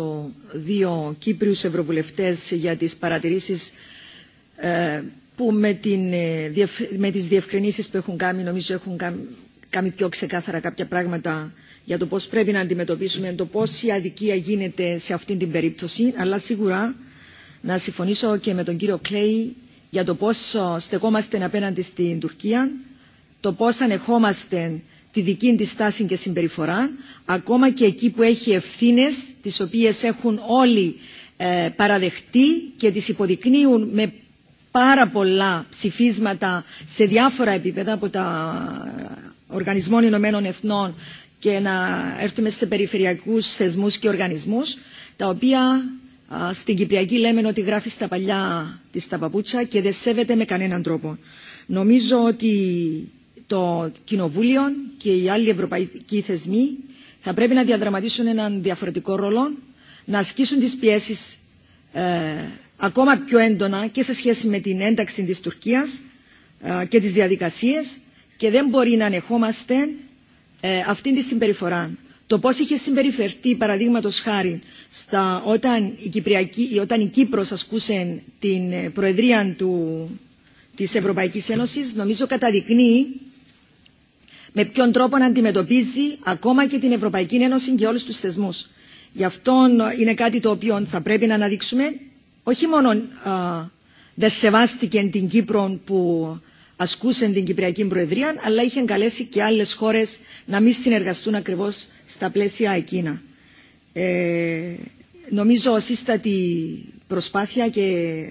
Speaker 1: δύο Κύπριους Ευρωβουλευτές για τις παρατηρήσεις ε, που με, την, ε, με τις διευκρινήσεις που έχουν κάνει νομίζω έχουν κάνει πιο ξεκάθαρα κάποια πράγματα για το πώς πρέπει να αντιμετωπίσουμε το πώς η αδικία γίνεται σε αυτή την περίπτωση αλλά σίγουρα να συμφωνήσω και με τον κύριο Κλέη για το πώς στεκόμαστε απέναντι στην Τουρκία το πώς ανεχόμαστε τη δική της στάση και συμπεριφορά ακόμα και εκεί που έχει ευθύνες τις οποίες έχουν όλοι ε, παραδεχτεί και τις υποδεικνύουν με πάρα πολλά ψηφίσματα σε διάφορα επίπεδα από τα Οργανισμών Ηνωμένων Εθνών και να έρθουμε σε περιφερειακούς θεσμούς και οργανισμούς, τα οποία στην Κυπριακή λέμε ότι γράφει στα παλιά τη τα παπούτσα και δεν σέβεται με κανέναν τρόπο. Νομίζω ότι το Κοινοβούλιο και οι άλλοι ευρωπαϊκοί θεσμοί θα πρέπει να διαδραματίσουν έναν διαφορετικό ρόλο, να ασκήσουν τις πιέσεις ε, ακόμα πιο έντονα και σε σχέση με την ένταξη της Τουρκίας ε, και τις διαδικασίες και δεν μπορεί να ανεχόμαστε ε, αυτή τη συμπεριφορά. Το πώς είχε συμπεριφερθεί, παραδείγματο χάρη, στα, όταν, η Κυπριακή, όταν Κύπρος ασκούσε την ε, Προεδρία του, της Ευρωπαϊκής Ένωσης, νομίζω καταδεικνύει με ποιον τρόπο να αντιμετωπίζει ακόμα και την Ευρωπαϊκή Ένωση και όλους τους θεσμούς. Γι' αυτό είναι κάτι το οποίο θα πρέπει να αναδείξουμε όχι μόνο δεν σεβάστηκε την Κύπρο που ασκούσε την Κυπριακή Προεδρία, αλλά είχε καλέσει και άλλες χώρες να μην συνεργαστούν ακριβώς στα πλαίσια εκείνα. Ε, νομίζω σύστατη προσπάθεια και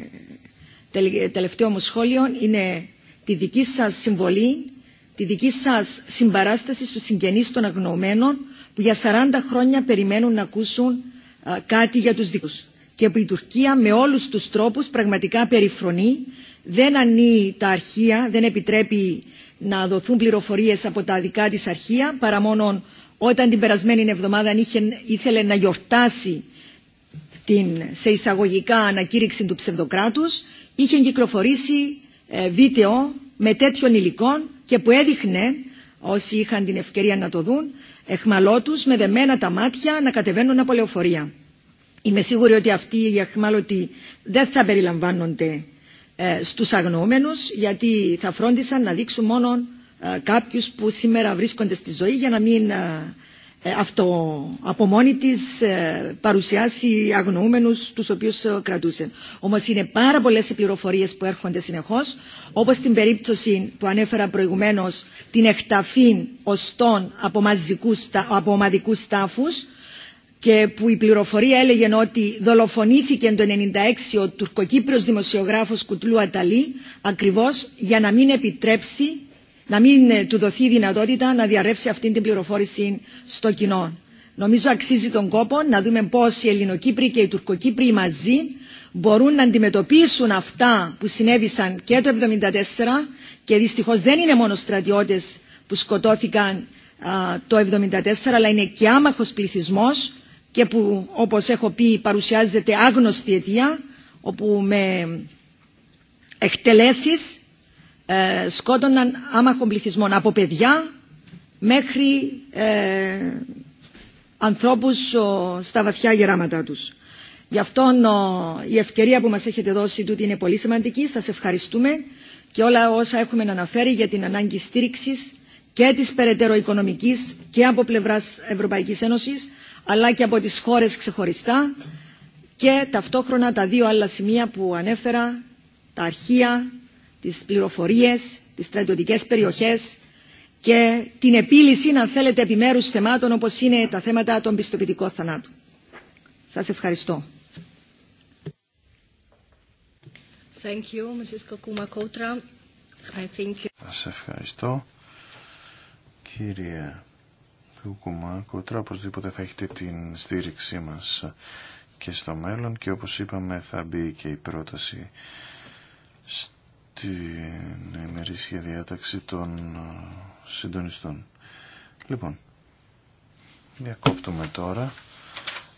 Speaker 1: τελευταίο μου σχόλιο είναι τη δική σας συμβολή, τη δική σας συμπαράσταση στους συγγενείς των αγνοωμένων που για 40 χρόνια περιμένουν να ακούσουν κάτι για τους δικούς και που η Τουρκία με όλους τους τρόπους πραγματικά περιφρονεί, δεν ανοίγει τα αρχεία, δεν επιτρέπει να δοθούν πληροφορίες από τα δικά της αρχεία, παρά μόνο όταν την περασμένη εβδομάδα είχε, ήθελε να γιορτάσει την, σε εισαγωγικά ανακήρυξη του ψευδοκράτους, είχε κυκλοφορήσει ε, βίντεο με τέτοιων υλικών και που έδειχνε, όσοι είχαν την ευκαιρία να το δουν, εχμαλώτους με δεμένα τα μάτια να κατεβαίνουν από λεωφορεία. Είμαι σίγουρη ότι αυτοί οι αχμάλωτοι δεν θα περιλαμβάνονται ε, στους αγνοούμενους γιατί θα φρόντισαν να δείξουν μόνο ε, κάποιους που σήμερα βρίσκονται στη ζωή για να μην ε, αυτό από μόνη της παρουσιάσει αγνοούμενους τους οποίους κρατούσε. Όμως είναι πάρα πολλές οι πληροφορίες που έρχονται συνεχώς, όπως την περίπτωση που ανέφερα προηγουμένως την εκταφή οστών από, μαζικούς, από ομαδικούς τάφους, και που η πληροφορία έλεγε ότι δολοφονήθηκε το 1996 ο τουρκοκύπριος δημοσιογράφος Κουτλού Αταλή ακριβώς για να μην επιτρέψει, να μην ε, του δοθεί η δυνατότητα να διαρρεύσει αυτή την πληροφόρηση στο κοινό. Νομίζω αξίζει τον κόπο να δούμε πώς οι Ελληνοκύπροι και οι Τουρκοκύπροι μαζί μπορούν να αντιμετωπίσουν αυτά που συνέβησαν και το 1974 και δυστυχώς δεν είναι μόνο στρατιώτες που σκοτώθηκαν το 1974 αλλά είναι και άμαχος πληθυσμός και που όπως έχω πει παρουσιάζεται άγνωστη αιτία όπου με εκτελέσεις ε, σκότωναν άμαχων πληθυσμών από παιδιά μέχρι ε, ανθρώπους στα βαθιά γεράματά τους. Γι' αυτό η ευκαιρία που μας έχετε δώσει τούτη είναι πολύ σημαντική. Σας ευχαριστούμε και όλα όσα έχουμε να αναφέρει για την ανάγκη στήριξης και της περαιτέρω οικονομικής και από πλευράς Ευρωπαϊκής Ένωσης αλλά και από τις χώρες ξεχωριστά και ταυτόχρονα τα δύο άλλα σημεία που ανέφερα, τα αρχεία, τις πληροφορίες, τις στρατιωτικές περιοχές και την επίλυση, αν θέλετε, επιμέρους θεμάτων όπως είναι τα θέματα των πιστοποιητικών θανάτου. Σας ευχαριστώ. Thank you, Mrs. I think...
Speaker 3: Σας ευχαριστώ, κύριε του Κουμάκοτρα. Οπωσδήποτε θα έχετε την στήριξή μας και στο μέλλον και όπως είπαμε θα μπει και η πρόταση στην ημερήσια διάταξη των ε, συντονιστών. Λοιπόν, διακόπτουμε τώρα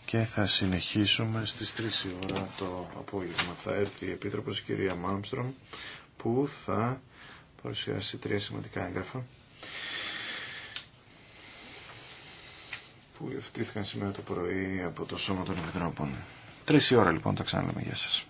Speaker 3: και θα συνεχίσουμε στις 3 η ώρα το απόγευμα. Θα έρθει η Επίτροπος η κυρία Μάλμστρομ που θα παρουσιάσει τρία σημαντικά έγγραφα που ευθύθηκαν σήμερα το πρωί από το Σώμα των Επιτρόπων. Τρεις η ώρα λοιπόν, τα ξαναλέμε. Γεια σας.